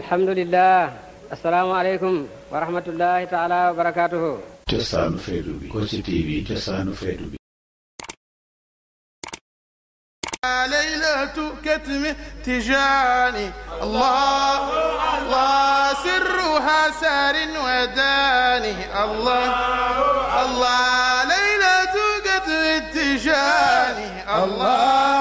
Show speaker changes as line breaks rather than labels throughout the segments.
الحمد لله السلام عليكم ورحمة الله تعالى وبركاته
جسان فيدوبي bi تي في جسان فيدوبي
ليلة كتم تجاني الله الله سرها سار وداني الله الله ليلة كتم تجاني الله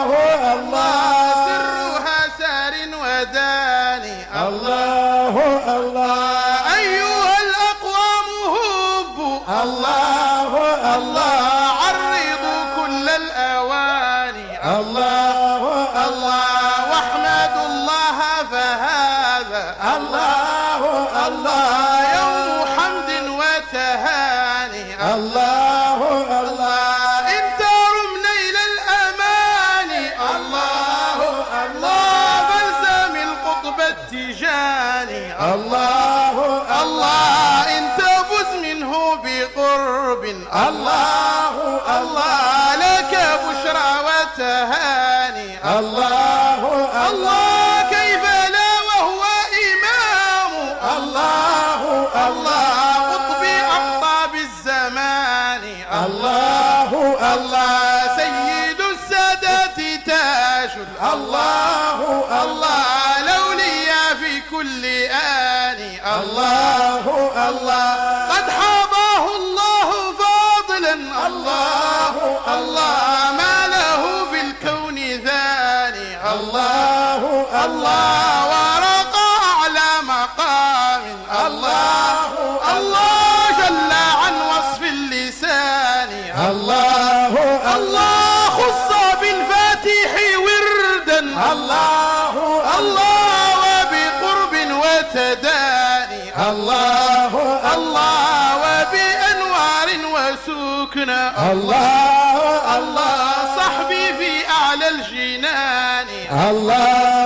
الله الله صحبي في أعلى الجنان الله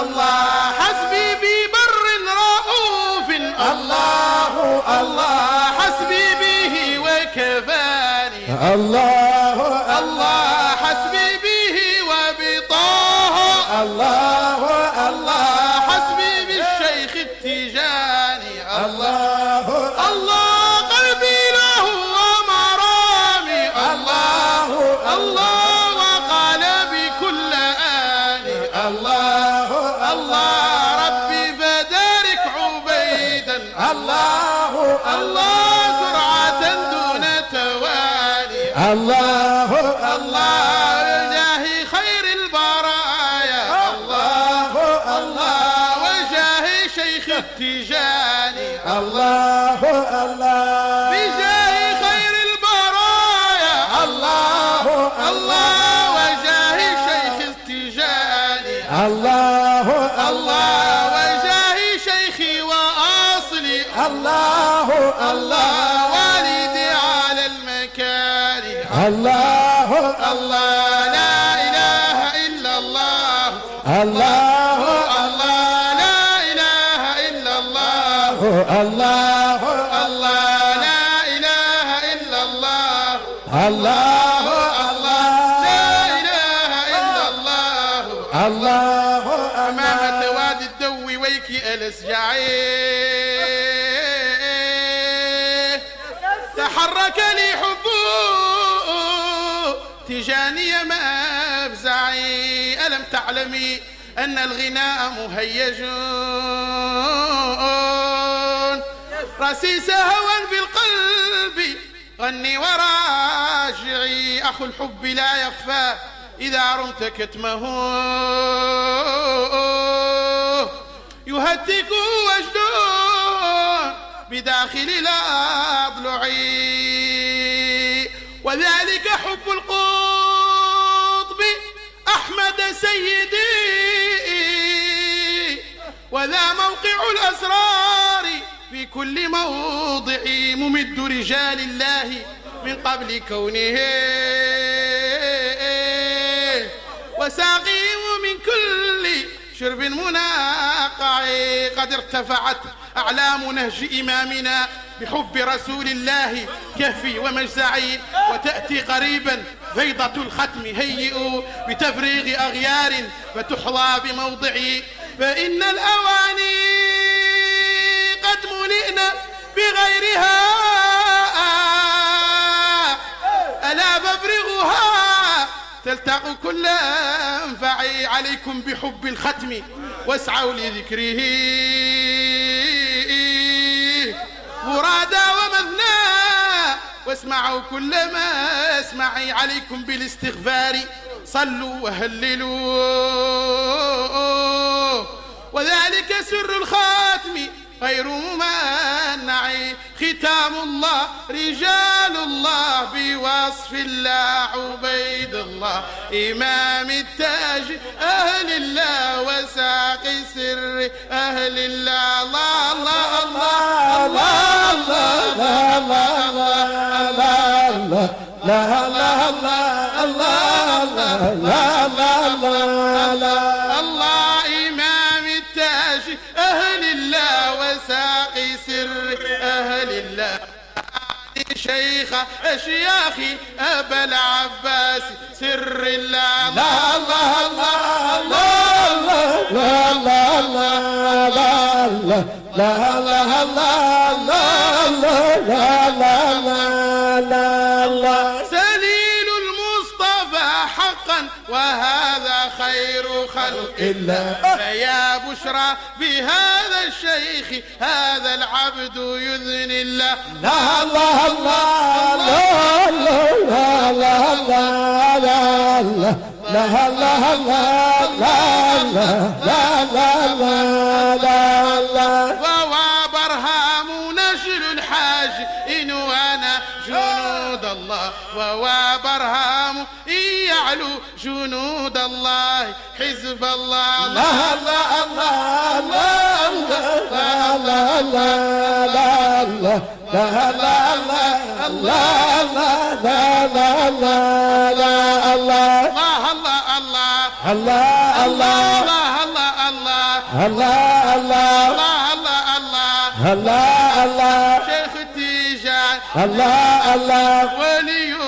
الله حسبي ببر رؤوف الله الله حسبي به وكفاني الله الله الله لا إله إلا الله الله الله لا
إله إلا الله الله الله لا إله إلا الله
الله الله لا إله إلا الله الله أمام النوادي الدوي ويكي الأسجعين تحرك لي تجاني ما أفزعي ألم تعلمي أن الغناء مهيج رسيس هوى في القلب غني وراجعي أخو الحب لا يخفى إذا رمت كتمه يهتك وجده بداخل الأضلع وذلك حب القلوب أحمد سيدي وذا موقع الأسرار في كل موضع ممد رجال الله من قبل كونه وساقيهم من كل شرب مناقع قد ارتفعت أعلام نهج إمامنا بحب رسول الله كهفي ومجزعي وتأتي قريبا فيضة الختم هيئوا بتفريغ أغيار فتحظى بموضعي فإن الأواني قد ملئنا بغيرها ألا فافرغها تلتقوا كل أنفعي عليكم بحب الختم واسعوا لذكره مرادا ومثنى واسمعوا كل ما اسمعي عليكم بالاستغفار صلوا وهللوا وذلك سر الخاتم غير مانع ختام الله رجال الله بوصف الله عبيد الله إمام التاج أهل الله وساق سر أهل الله الله الله الله الله الله الله
الله
الله الله الله الله الله الله الله الله الله شيخ أشياخي أبا العباس سر الله لا الله الله الله لا الله الله لا الله لا الله لا الله الله إلا فيا بشرى بهذا الشيخ هذا العبد يذن الله لا الله الله لا لا لا لا لا لا الله لا الله لا الله الله الله الله الحاج إن وأنا جنود الله ووابرهام جعلوا جنود الله حزب الله الله الله الله الله الله
الله الله الله لا لا لا لا لا لا لا لا الله الله الله الله
الله الله الله الله الله الله لا لا الله الله لا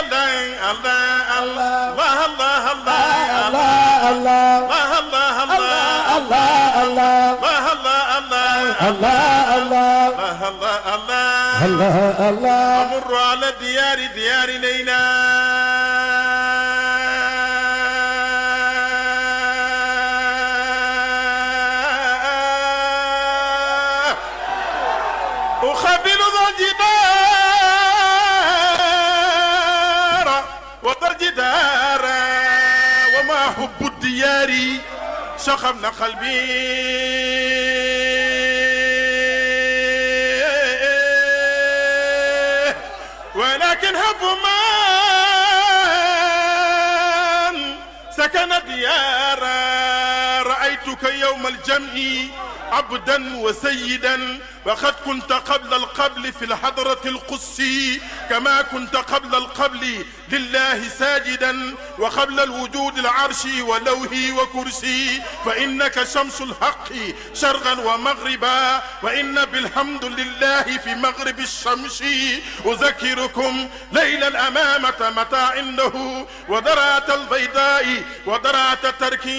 الله
الله أمر
على ديار ديار ليلى سخمنا قلبي ولكن هب من سكن ديارا رأيتك يوم الجمع عبدا وسيدا وقد كنت قبل القبل في الحضرة القدسي كما كنت قبل القبل لله ساجدا وقبل الوجود العرش ولوه وكرسي فإنك شمس الحق شرقا ومغربا وإن بالحمد لله في مغرب الشمس أذكركم ليلا أمامة متاع له ودرعة البيضاء ودرعة التركيب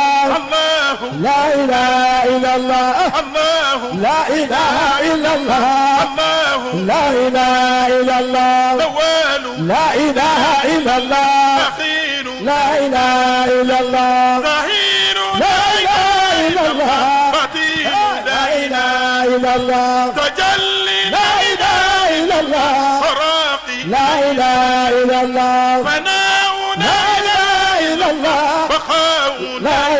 لا إله إلا الله الله لا إله إلا الله الله لا إله إلا الله لا إله إلا الله لا إله إلا
الله لا إله إلا الله لا إله إلا الله تجلي لا إله إلا الله لا
إله إلا الله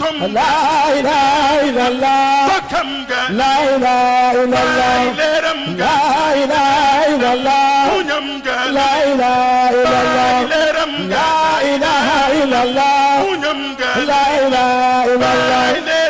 تم لا اله الا الله فكم لا اله الا الله لا اله الا الله لا اله الا الله لا اله الا الله لا اله الا الله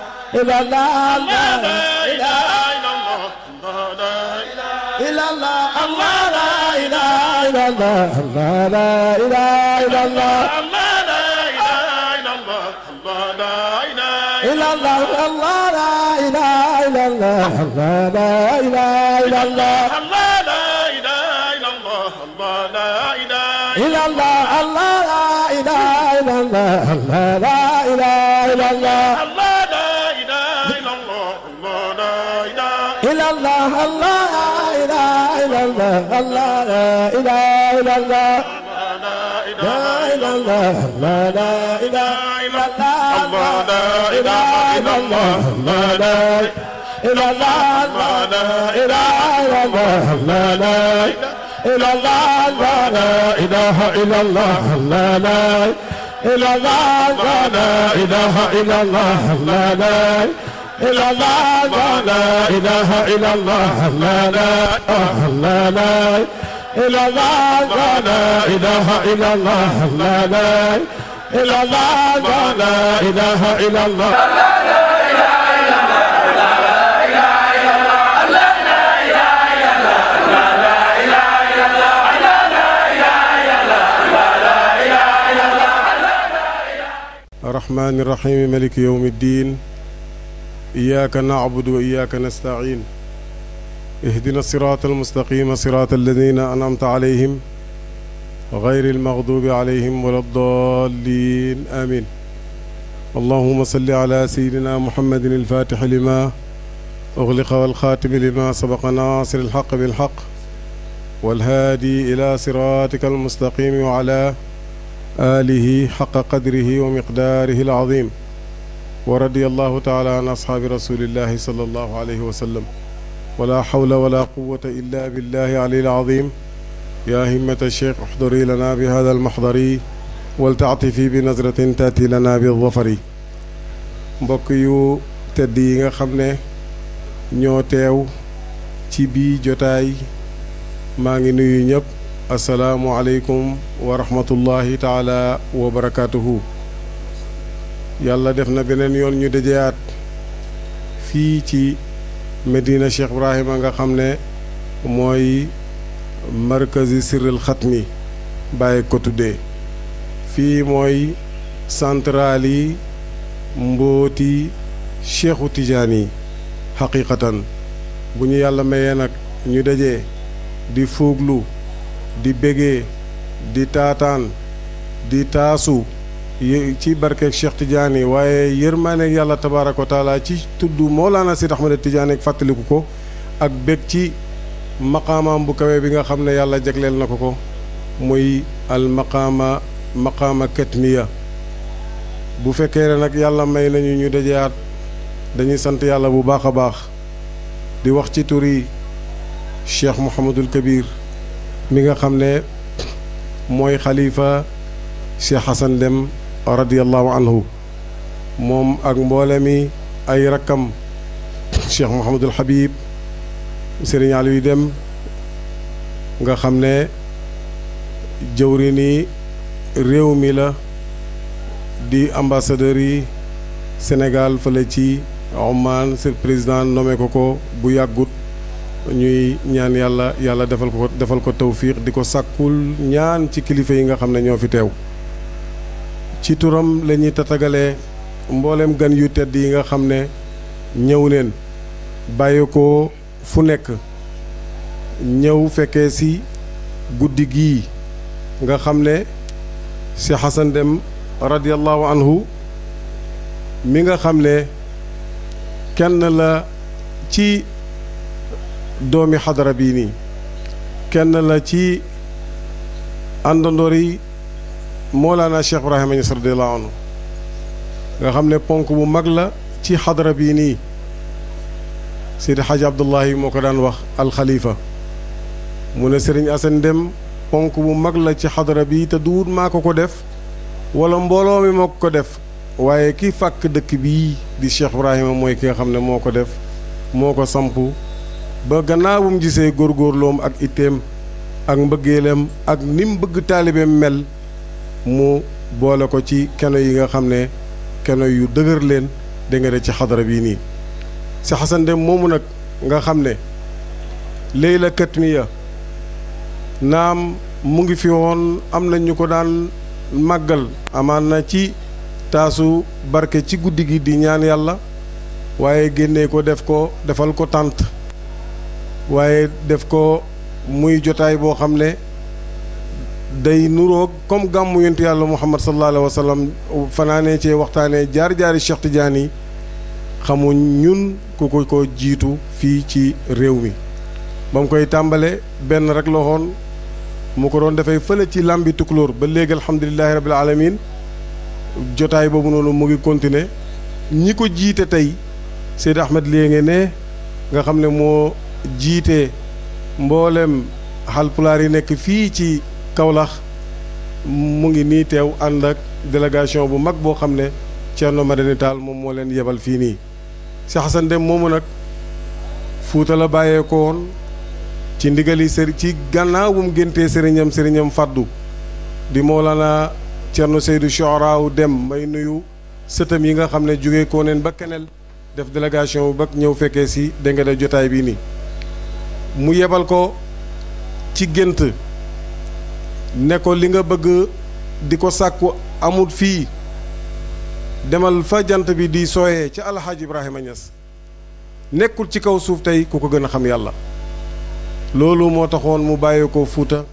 إلا الله الله
لا إلا الله الله لا إله إلا الله
الله لا إله إلا الله الله
لا إله إلا
الله الله لا إله إلا الله الله لا إله إلا الله الله لا إله إلا الله الله لا إله إلا الله الله لا إله إلا الله الله لا إله إلا الله الله لا إله إلا الله إلا الله الله لا إله إلا الله لا إله إلا الله لا إله إلا الله لا إله إلا الله لا إله إلا الله لا إله إلا الله لا لا إلا الله لا إله إلا الله لا لا إلا الله لا إله إلا الله لا لا إلا الله لا إله إلا الله لا لا لا لا إلا الله لا إله إلا الله لا لا إلا الله لا إله إلا الله
الرحمن الرحيم ملك يوم الدين إياك نعبد وإياك نستعين اهدنا الصراط المستقيم صراط الذين أنعمت عليهم غير المغضوب عليهم ولا الضالين آمين اللهم صل على سيدنا محمد الفاتح لما أغلق والخاتم لما سبق ناصر الحق بالحق والهادي إلى صراطك المستقيم وعلى آله حق قدره ومقداره العظيم ورضي الله تعالى عن أصحاب رسول الله صلى الله عليه وسلم ولا حول ولا قوة إلا بالله علي العظيم يا همة الشيخ احضري لنا بهذا المحضري ولتعطفي بنظرة تأتي لنا بالظفري بقيو تدين خمنا نيوتيو تبي جتاي ماغي السلام عليكم ورحمة الله تعالى وبركاته yàlla def na beneen yoon ñu dajeyaat fii ci Medina Cheikh Ibrahima nga xam ne mooy markazi sirril xatmi bàyyi ko tuddee fii mooy central yi mbóoti cheikhu tijaan yi xaqiqatan bu ñu yàlla mayee nag ñu daje di fuuglu di bégee di taataan di taasu ci barkeeg Cheikh Tidiane waaye yërmaaneeg yàlla tabaaraka ko taala ci tudd Mawlana Seydi Ahmada Tidiane fàttaliku ko ak bég ci maqaamaam bu kawe bi nga xam ne yàlla jagleel na ko ko muy al maqaama maqaama katmiya bu fekkee ne nag yàlla may nañu ñu dajeyaat dañuy sant yàlla bu baax a baax di wax ci turi cheikh Mouhamadul Kabir mi nga xam ne mooy xalifa cheikh Hassan Deme radiyallahu anhu moom ak mboole mi ay rakkam Cheikh Mouhamadul Habib Serigne Aliou Deme nga xam ne jëwri ni réew mi la di ambassadeur yi Sénégal fële ci Oman sir président nome ko ko bu yàggut ñuy ñaan yàlla yàlla defal ko defal ko tawfiix di ko sàkkul ñaan ci kilifa yi nga xam ne ñoo fi teew ci turam lañuy ñuy tatagalee mboolem gan yu tedd yi nga xam ne ñëw neen bàyyi ko fu nekk ñëw fekkee si guddi gii nga xam ne si Xasan Dem radiyallahu anhu mi nga xam ne kenn la ci doomi xadara bii nii kenn la ci àndandoor yi Mawlana Cheikh Ibrahima Niass radiyallahu anhu nga xam ne ponk bu mag la ci xadara bii nii xaj Xaaji yi moo ko daan wax alxalifa mu ne Sëriñ Asan Dem ponk bu mag la ci xadara bii te duut maa ko ko def wala mbooloo mi moo ko def waaye kii fàkk dëkk bii di Cheikh Ibrahima mooy ki nga xam ne moo ko def moo ko samp ba gannaawum gisee góorloom ak itteem ak mbëggeelam ak ni bëgg taalibeem mel mu boole ko ci keno yi nga xam ne keno yu dëgër leen danga ci xadara bii nii si xasan moomu nag nga xam ne Leyla Katmiya naam mu ngi fi woon am na ñu ko daan màggal amaan na ci taasu barke ci guddi gi di ñaan yàlla waaye génnee ko def ko defal ko tànt waaye def ko muy jotaay boo xam ne day nuroog comme gàmmu yontu yàlla muhammad sallallahu alayhi fanaanee cee waxtaanee jaar-jaari Cheikh Tidiane yi xamuñ ñun ku ko ko jiitu fii ci réew mi ba mu koy tàmbale benn rek la woon mu ko doon dafay fële ci làmbitu tukulóor ba léegi alhamdulilahi rabbil alamin jotaay boobu noonu mu ngi continuer ñi ko jiite tey Seydi Ahmed Liengue ne nga xam ne moo jiite mboolem xalpulaar yi nekk fii ci kawlax mu ngi nii teew ànd ak délégation bu mag boo xam ne Thierno Madani moom moo leen yebal fii nii Cheikh Hassane Dème moomu nag Fuuta la bàyyeekoo ci ndigali sëri ci gànnaawum génte sëriñam sëriñam fàddu di Mawlana Thierno Seydou Sohraaw Dème may nuyu sëtëm yi nga xam ne jóge koo neen ba keneel def délégation bu bag ñëw fekkee si dégg nga jotaay bii nii mu yebal ko ci gént ne ko li nga bëgg di ko sàkku amul fii demal fa jant bi di sooyee ci alxaaji Ibrahima Niass nekkul ci kaw suuf tey ku ko gën a xam yàlla loolu moo taxoon mu bàyyi ko fuuta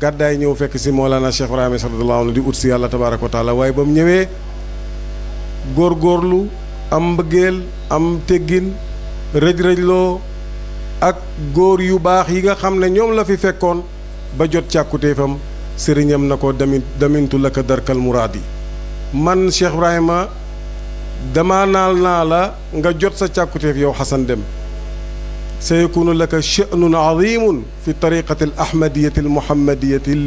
gàddaay ñëw fekk si Mawlana Cheikh Ibrahima radiyallahu anhu di ut si yàlla tabaaraka wa taala waaye ba mu ñëwee góorgóorlu am mbëggeel am teggin rëj-rëjloo ak góor yu baax yi nga xam ne ñoom la fi fekkoon ba jot càkkutéefam sëriñam na ko damintu lak darkal muradi man Cheikh Ibrahima dama nal naa la nga jot sa càkkutéef yow hasan Dem sayakunu lak sha'nun 'azim fi tariqati al ahmadiyyah al muhammadiyyah al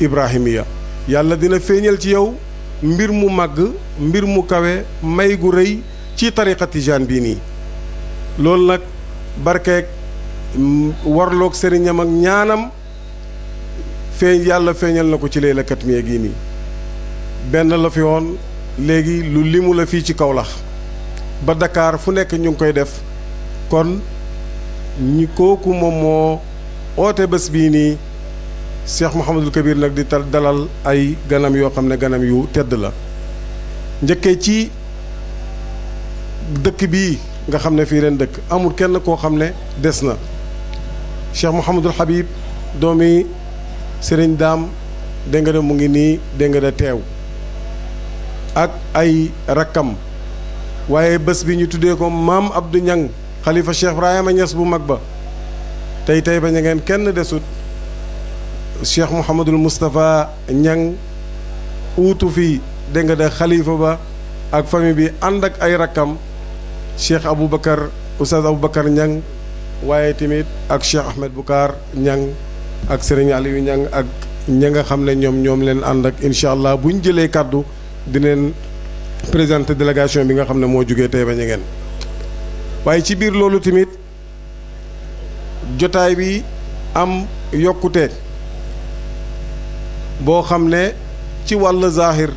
ibrahimiya yàlla dina feñal ci yow mbir mu mag mbir mu kawe may gu reuy ci tariqati tijaan bii nii loolu nag barkeeg ak ñaanam feeñ yàlla feeñal na ko ci leket mi gi nii benn la fi woon léegi lu limu la fii ci Kaolack ba Dakar fu nekk ñu ngi koy def kon ñi kooku moom moo oote bés bii nii Cheikh Mouhamadul Kabir nag di tal dalal ay ganam yoo xam ne ganam yu tedd la njëkkee ci dëkk bii nga xam ne fii ren dëkk amul kenn koo xam ne des na Cheikh Mouhamadul Habib doomi sëriñ dam de nga mu ngi ni de nga ak ay rakam waye bes bi ñu tuddé ko mam Abdou ñang khalifa Cheikh Ibrahima ñess bu mag ba tay tay ba ña kenn desut Cheikh mohammedul mustafa ñang outu fi de nga da khalifa ba ak fami bi andak ay rakam Cheikh oustad abou bakkar ñang waye timit ak Cheikh Ahmed bukar ñang ak sëriñ Aliou Niang ak ña nga xam ne ñoom ñoom leen ànd ak incha allah bu ñu jëlee kàddu di leen présenté délégation bi nga xam ne moo jógee tey ba ñu waaye ci biir loolu tamit jotaay bi am yokkute boo xam ne ci wàll zahir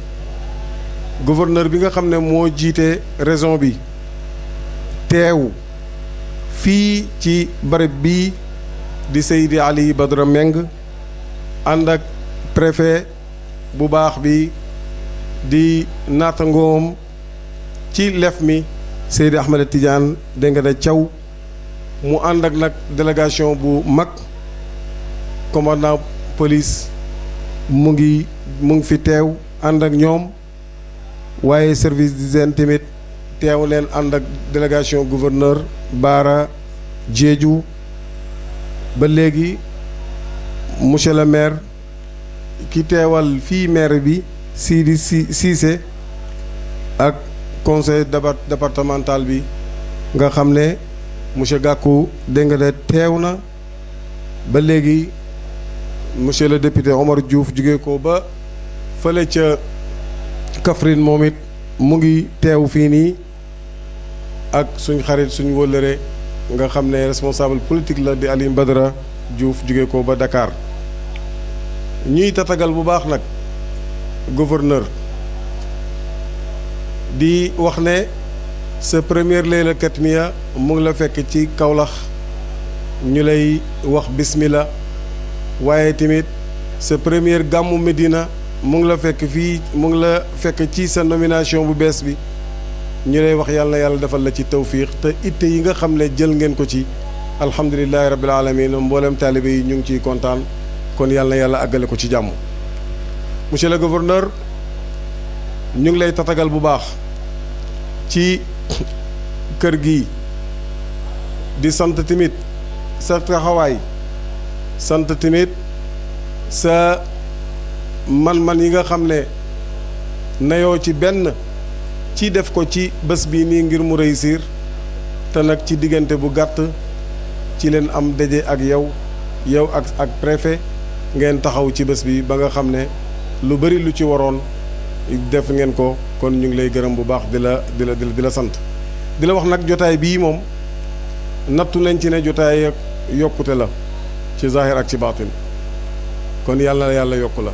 gouverneur bi nga xam ne moo jiite région bi teew fii ci barab bii di Seydi Ali Badara Meng ànd ak préfet bu baax bi di naatangoom ci lef mi Seydi Ahmed Tidiane dégg nga Thiaw mu ànd ak nag délégation bu mag commandant polis mu ngi mu ngi fi teew ànd ak ñoom waaye service di d'hygiène tamit teew leen ànd ak délégation gouverneur Bara Diédhiou ba léegi monsieur le maire ki teewal fii maire bi Sidi Cissé ak conseil départemental bi nga xam ne monsieur Gakou dégg teew na ba léegi monsieur le député Omar Diouf jóge ko ba fële ca Kaffrine moom it mu ngi teew fii nii ak suñ xarit suñ wëllëre nga xam ne responsable politique la di Alioune Badara Diouf jóge ko ba dakaar ñuy tatagal bu baax nag gouverneur di wax ne sa première Layla Katmiya mu ngi la fekk ci Kaolack ñu lay wax bismillah waaye tamit sa première gàmmu Medina mu ngi la fekk fii mu ngi la fekk ci sa nomination bu bees bi ñu lay wax yàlla yàlla defal la ci tawfiix te itte yi nga xam ne jël ngeen ko ci alhamdulilahi rabbil alamin mboolem taalibe yi ñu ngi ciy kontaan kon yàlla yàlla àggale ko ci jàmm monsieur le gouverneur ñu ngi lay tatagal bu baax ci kër gi di sant tamit sa taxawaay sant tamit sa man-man yi nga xam ne nayoo ci benn ci def ko ci bés bii nii ngir mu réussir te nag ci diggante bu gàtt ci leen am daje ak yow yow ak ak préfet ngeen taxaw ci bés bi ba nga xam ne lu bari lu ci waroon def ngeen ko kon ñu ngi lay gërëm bu baax di la di la sant di la wax nag jotaay bii moom nattu nañ ci ne jotaay yokkute la ci zahir ak ci baatin kon yàlla yàlla yokku la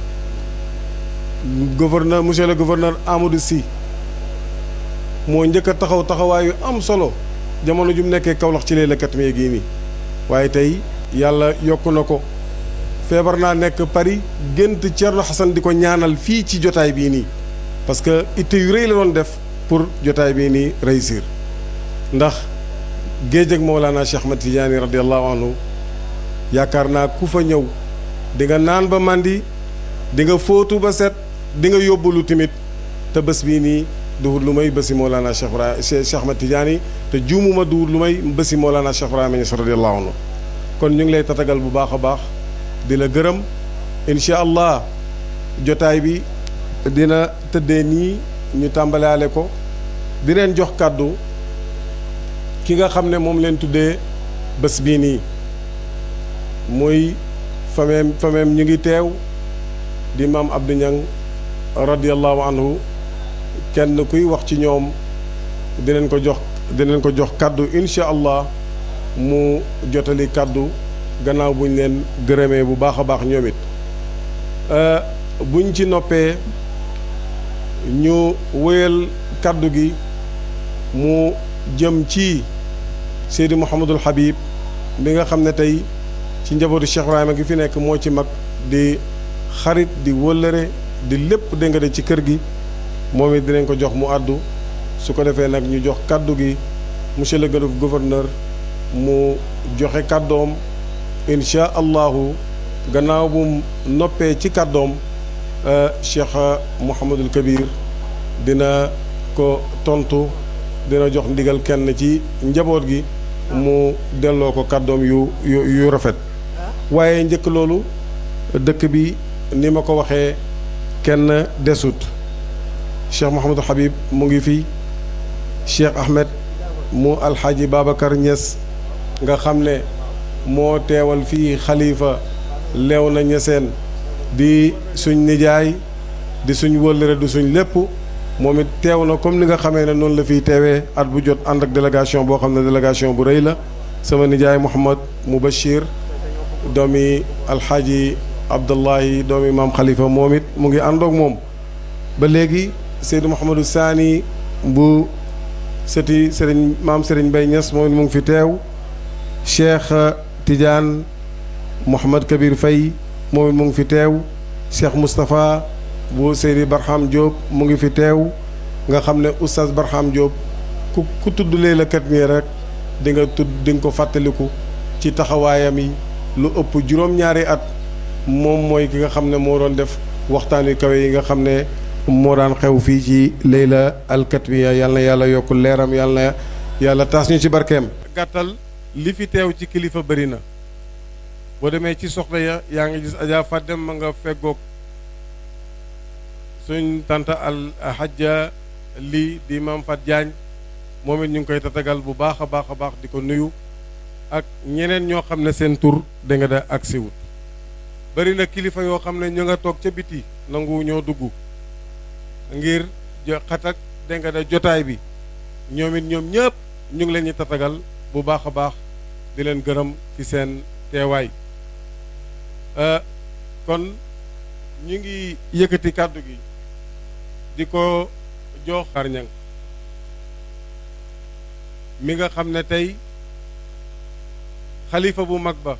gouverneur monsieur le gouverneur Amadou si moo njëkk a taxaw taxawaayu am solo jamono ju mu nekkee Kaolack ci léeg la kat mee gii nii waaye tey yàlla yokk na ko feebar naa nekk Paris gént Thierno Hassane di ko ñaanal fii ci jotaay bii nii parce que itte yu rëy la doon def pour jotaay bii nii réussir ndax géej ak Mawlana Cheikh Ahmad Tidiane radiallahu anhu yaakaar naa ku fa ñëw dinga naan ba màndi dinga fóotu ba set di nga yóbbalu tamit te bés bii nii duwut lu may bési Mawlana Cheikh Ibrahima Cheikh Ahmed Tidiane te juumuma duwut lu may bési Mawlana Cheikh Ibrahima Niass radiyallahu anhu kon ñu ngi lay tatagal bu baax a baax di la gërëm incha allah jotaay bi dina tëddee nii ñu tàmbalaale ko di leen jox kàddu ki nga xam ne moom leen tuddee bës bii nii muy fameem fameem ñu ngi teew di maam Abdou Niang radiyallahu anhu kenn kuy wax ci ñoom dinañ ko jox dinañ ko jox kàddu incha allah mu jotali kàddu gannaaw buñ leen gërëmee bu baax a baax ñoom it euh, buñ ci noppee ñu woyal kàddu gi mu jëm ci Seydi Mouhamadul Habib bi nga xam ne tey ci njabootu Cheikh Ibrahima gi fi nekk moo ci mag di xarit di wëllëre di lépp déngale ci kër gi moom it dinañ ko jox mu àddu su ko defee nag ñu jox kàddu gi monsieur le gouverneur mu joxe kàddoom incha allahu gannaaw bu noppee ci kàddoom euh, Cheikh Mouhamadul Kabir dina ko tontu dina jox ndigal kenn ci njaboot gi mu delloo ko kàddoom yu yu yu rafet waaye njëkk loolu dëkk bi ni ma ko waxee kenn desut cheikh Mouhamadou Habib mu ngi cheikh Ahmed mu alxaaji Babacar Niass nga xam ne moo teewal fii xalifa lew na ñeseen di suñ nijaay di suñ wëllëre di suñ lépp moom it teew na comme ni nga xamee ne noonu la fiy teewee at bu jot ànd ak délégation boo xam ne délégation bu rëy la sama nijaay Mouhamad Moubachir doomi alxaaji Abdullahi doomi maam xalifa moom it mu ngi àndoog moom ba léegi Seydou Mouhamadou Sani bu seti sëriñ maam sëriñ Bay Ñas moom mu ngi fi teew Cheikh Tidiane Mouhamad Kabir Faye moom mu ngi fi teew Cheikh Moustapha bu Seydi Barham Diop mu ngi fi teew nga xam ne oustaz Barham Diop ku ku tudd Leylatoul Qadr rek di tudd di ko fàttaliku ci taxawaayam yi lu ëpp juróom at moom mooy ki nga xam ne moo doon def waxtaan yu kawe yi nga xam ne moo daan xew fii ci Leyla Alkatmiya yal na yàlla yokk leeram yal yàlla taas ñu ci barkeem. gàttal li fi teew ci kilifa bëri na boo demee ci soxna ya yaa ngi gis Adja Fadem ma nga feggoog suñ tanta al hajja lii di maam Fat Diagne moom ñu ngi koy tatagal bu baax a baax a baax di ko nuyu ak ñeneen ñoo xam ne seen tur da nga da bëri na kilifa yoo xam ne ñu nga toog ca biti nangu ñoo dugg. ngir xatak dégg nga jotaay bi ñoom it ñoom ñëpp ñu ngi leen ñu tatagal bu baax a baax di leen gërëm ci seen teewaay euh, kon ñu ngi yëkkati kàddu gi di ko jox xarñang mi nga xam ne tey xalifa bu mag ba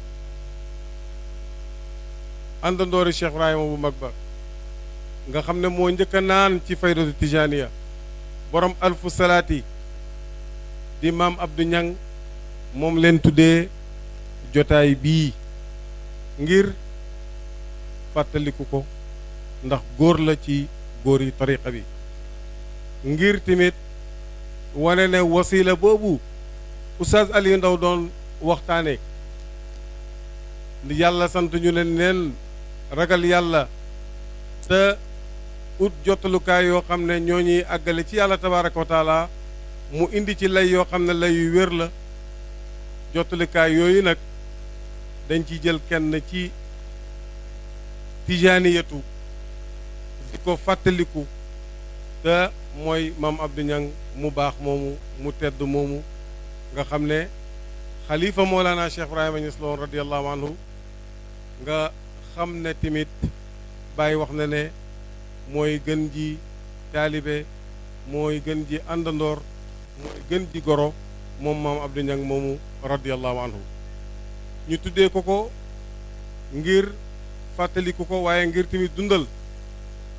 àndandoori Cheikh Ibrahima bu mag ba nga xam ne moo njëkk a naan ci faydatu tijaaniya borom alfu salaati di maam Abdou Ñang moom leen tuddee jotaay bii ngir fàttaliku ko ndax góor la ci góor yi tariqa bi ngir timit wane ne wasila boobu oustaz Aliou Ndaw doon waxtaane yàlla sant ñu leen neen ragal yàlla te ut jottalukaay yoo xam ne ñoo ñuy àggale ci yàlla tabaaraka wa taala mu indi ci lay yoo xam ne lay yu wér la jottalukaay yooyu nag dañ ci jël kenn ci tijaaniyatu di ko fàttaliku te mooy maam Abdou Niang mu baax moomu mu tedd moomu nga xam ne xalifa Mawlana Cheikh Ibrahima Niass la woon radiyallahu anhu nga xam ne tamit bàyyi wax na ne mooy gën ji taalibe mooy gën ji àndandoor mooy gën ji goro moom maam Abdou Niang moomu radiyallahu anhu ñu tuddee ko ko ngir fàttaliku ko waaye ngir tamit dundal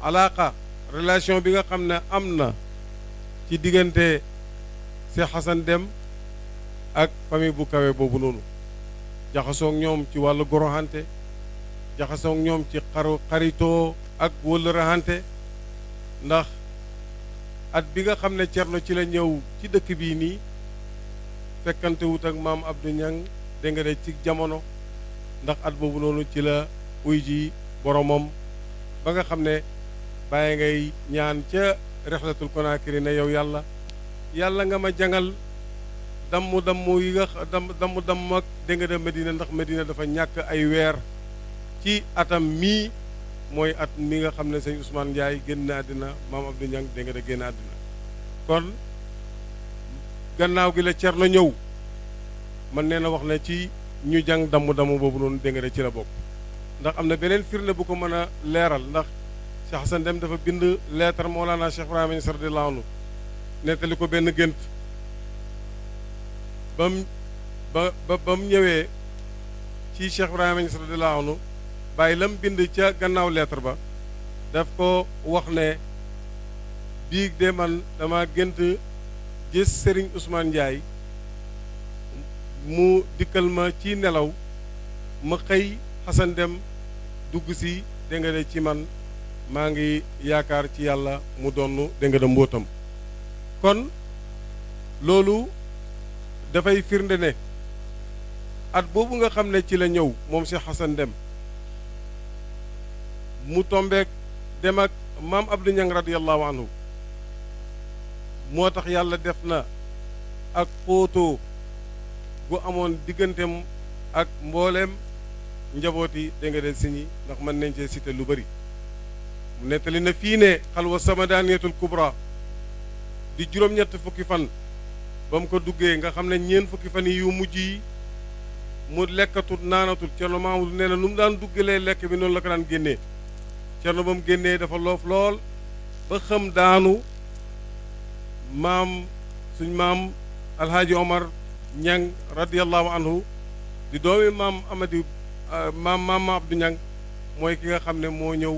alaaqa relation bi nga xam ne am na ci diggante Cheikh dem ak famille bu kawe boobu noonu jaxasoog ñoom ci wàllu goroxante jaxasoog ñoom ci xaru xaritoo ak wëllërahante ndax at bi nga xam ne Cerno ci la ñëw ci dëkk bii nii fekkante ak maam ab Niang dégg nga de ci jamono ndax at boobu noonu ci la uy ji boromam ba nga xam ne bàyyi ngay ñaan ca rexlatul Konaakiri ne yow yàlla yàlla nga ma jangal dammu dammu yi nga damm damm damm ak dégg de Medina ndax Medina dafa ñàkk ay weer ci atam mii mooy at mi nga xam ne sëñ Ousmane Ndiaye génn na àddina maam Abdou Niang dégg nga de génn àddina kon gannaaw gi la Cerno ñëw man nee na wax na ci ñu jàng damm-damm boobu noonu dégg ci la bokk ndax am na beneen firnde bu ko mën a leeral ndax Cheikh Hassan Dem dafa bind lettre Mawlana Cheikh Ibrahima Niass radiyallahu anhu nettali ko benn gént ba mu ba ba mu ñëwee ci Cheikh Ibrahima Niass radiyallahu anhu bàyyi lam bind ca gannaaw lettre ba daf ko wax ne biig de man dama gént gis Serigne Ousmane Ndiaye mu dikkal ma ci nelaw ma xëy Xasan Dem dugg si dégg ci man maa ngi yaakaar ci yàlla mu donn dégg nga mbóotam kon loolu dafay firnde ne at boobu nga xam ne ci la ñëw moom si Xasan Dem mu tombeek dem ak maam Abdou Niang radiyallahu anhu moo tax yàlla def na ak photo gu amoon digganteem ak mbooleem njabooti da nga dee siñi ndax mën nañ cee cité lu bari mu nettali na fii ne xalwa samadaniyatul kubra di juróom-ñett fukki fan ba mu ko duggee nga xam ne ñeen fukki fan yi yu mujj yi mu lekkatul naanatul ca lu maamul nee na nu mu daan duggalee lekk bi noonu la ko daan génnee Cerno ba mu génnee dafa loof lool ba xam daanu maam suñ maam alhaaji omar ñang radiallahu anhu di doomi maam amadi euh, maam maam abdu ñang mooy ki nga xam ne moo ñëw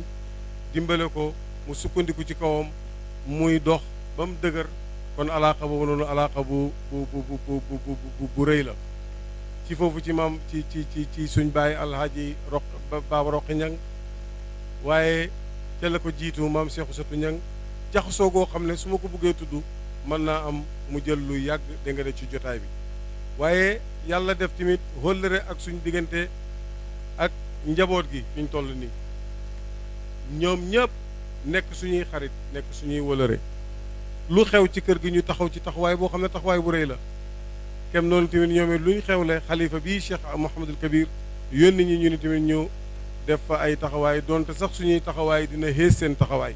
dimbale ko mu sukkandiku ci kawam muy dox ba mu dëgër kon alaaqa boobu noonu alaaqa bu bu bu bu bu rëy la ci foofu ci maam ci ci ci ci suñ bàyyi alhaaji roq baaba roqi ñang waaye ca la ko jiitu maam Cheikh Ousseynou jax soo goo xam ne su ma ko bëggee tudd mën naa am mu jël lu yàgg da nga ci jotaay bi waaye yàlla def tamit wëllëre ak suñu diggante ak njaboot gi fi ñu toll nii ñoom ñëpp nekk suñuy xarit nekk suñuy wëllëre lu xew ci kër gi ñu taxaw ci taxawaay boo xam ne taxawaay bu rëy la kem noonu tamit ñoom it lu ñu xewle xalifa bii Cheikh Mouhamadul Kabir yónni ñi ñu ni tamit ñu def fa ay taxawaay donte sax suñuy taxawaay dina xées seen taxawaay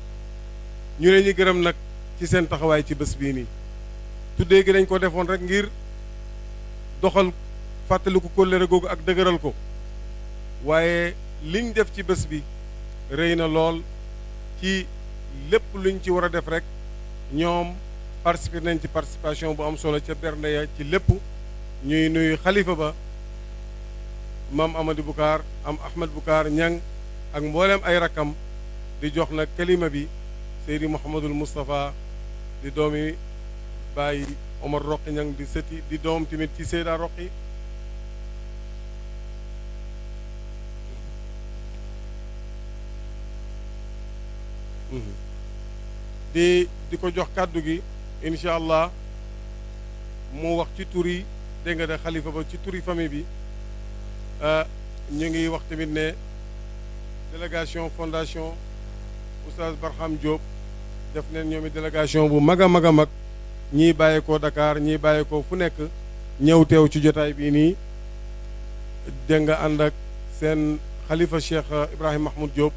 ñu leen ñu gërëm nag ci seen taxawaay ci bés bii nii tuddee gi dañ ko defoon rek ngir doxal fàttaliku kóllëre googu ak dëgëral ko waaye liñ def ci bés bi rëy na lool ci lépp luñ ci war a def rek ñoom participer nañ ci participation bu am solo ca bernde ya ci lépp ñuy nuyu xalifa ba maam Amady Bukaar am Ahmed Bukaar ñang ak mbooleem ay rakkam di jox nag kalima bi Seydi Mouhamadul Moustapha di doomi bàyyi Omar Roqi ñang di sëti di doom tamit ci Seyda Roqi mhm. di di ko jox kàddu gi incha allah mu wax ci turi dégg nga de xalifa ba ci turi famille bi Euh, ñu ngi wax tamit ne délégation fondation Oustaz Barham Diop def neen ñoom i délégation bu mag a mag a mag ñii bàyyeekoo dakaar ñii bàyyeekoo fu nekk ñëw teew ci jotaay bii nii dégg nga ànd ak seen xalifa Cheikh Ibrahim Mahmoud Diop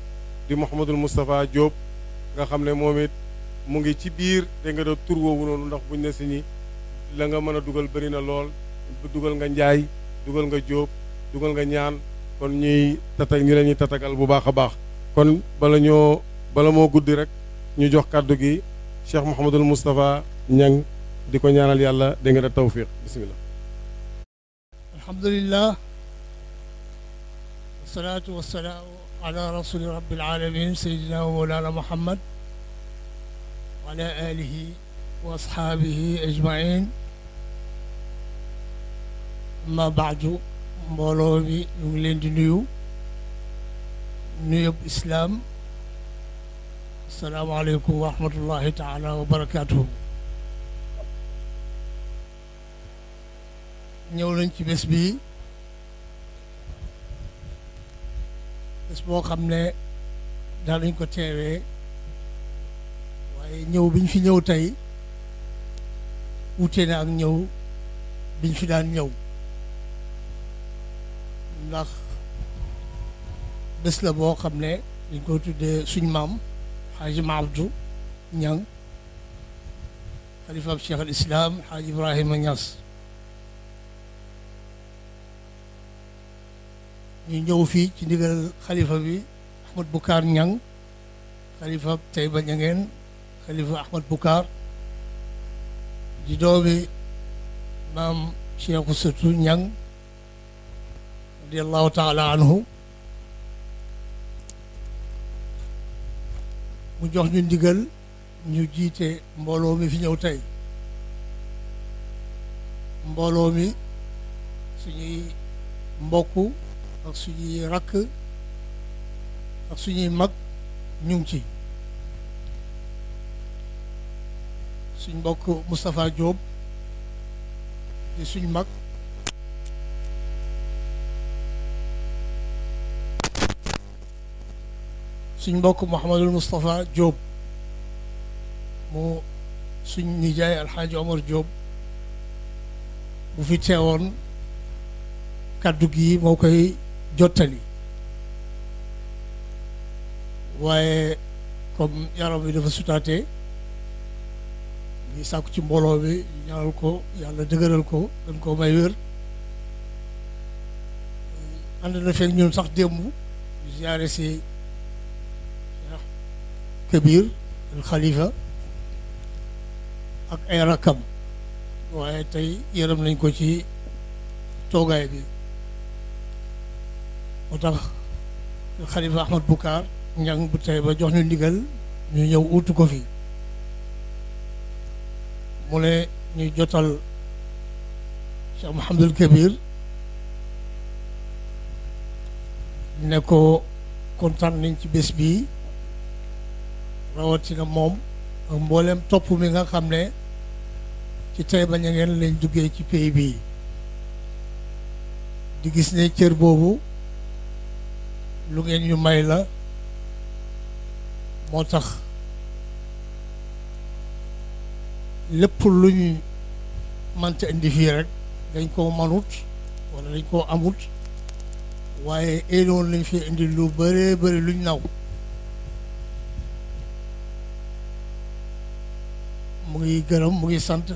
di Mouhamadul Moustapha Diop nga xam ne moom it mu ngi ci biir dégg nga da tur woowu noonu ndax buñ ne si ñi la nga mën a dugal bëri na lool dugal nga Njaay dugal nga jóob dugal nga ñaan kon ñuy tata ñu leen ñuy tatagal bu baax a baax kon bala ñoo bala moo guddi rek ñu jox kàddu gi Cheikh Mouhamadul Moustapha Niang di ko ñaanal yàlla da nga da tawfiq bismillah
alhamdulillah wasalaatu wasalaamu wa ashaabihi ajmain amma baadu mbooloo mi ñu ngi leen di nuyu nuyub islaam asalaamaaleykum wa rahmatullahi taala wa barakaatuhu ñëw nañ ci bés bi bés boo xam ne daanañ ko teewee waaye ñëw biñ fi ñëw tey wute na ak ñëw biñ fi daan ñëw ndax bés la boo xam ne dañ ko tuddee suñ maam xaaji Maabdu Ñang xalifaab Cheikh al Islam xaaji Ibrahima Ñas ñu ñëw fii ci ndigal xalifa bi Ahmad Bukaar Ñang xalifaab Tayba Ñangeen xalifa Ahmad Bukaar di doomi maam Cheikhu Sëtu Ñang radiallahu taala anhu mu jox ñu ndigal ñu jiite mbooloo mi fi ñëw tey mbooloo mi suñuy mbokk ak suñuy rakk ak suñuy mag ñu ci suñ mbokk Moustapha Diop di suñ mag suñ mbokk Mouhamadul Moustapha Diop mu suñ nijaay Alxaaji Omar Diop bu fi teewoon kàddu gi moo koy jottali waaye comme yaram bi dafa sutaate ñi sàkku ci mbooloo bi ñaanal ko yàlla dëgëral ko dañ koo may wér ànd na fekk ñun sax démb ziyaare si Kabir al ak ay rakkam waaye tey yërëm nañ ko ci toogaay bi moo tax Xalifa Ahmad Bukaar njàng bu tey jox ñu ndigal ñu ñëw uutu ko fi mu ne ñu jotal Cheikh Mouhamadul Kabir ne ko kontaan nañ ci bés bi rawatina moom ak mboolem topp mi nga xam ne ci bañ a ngeen lañ duggee ci pays bii di gis ne cër boobu lu ngeen ñu may la moo tax lépp lu ñu mënta indi fii rek dañ koo manut wala dañ koo amut waaye éloon lañ fi indi lu bëree bëri luñ naw mu ngi gërëm mu ngi sant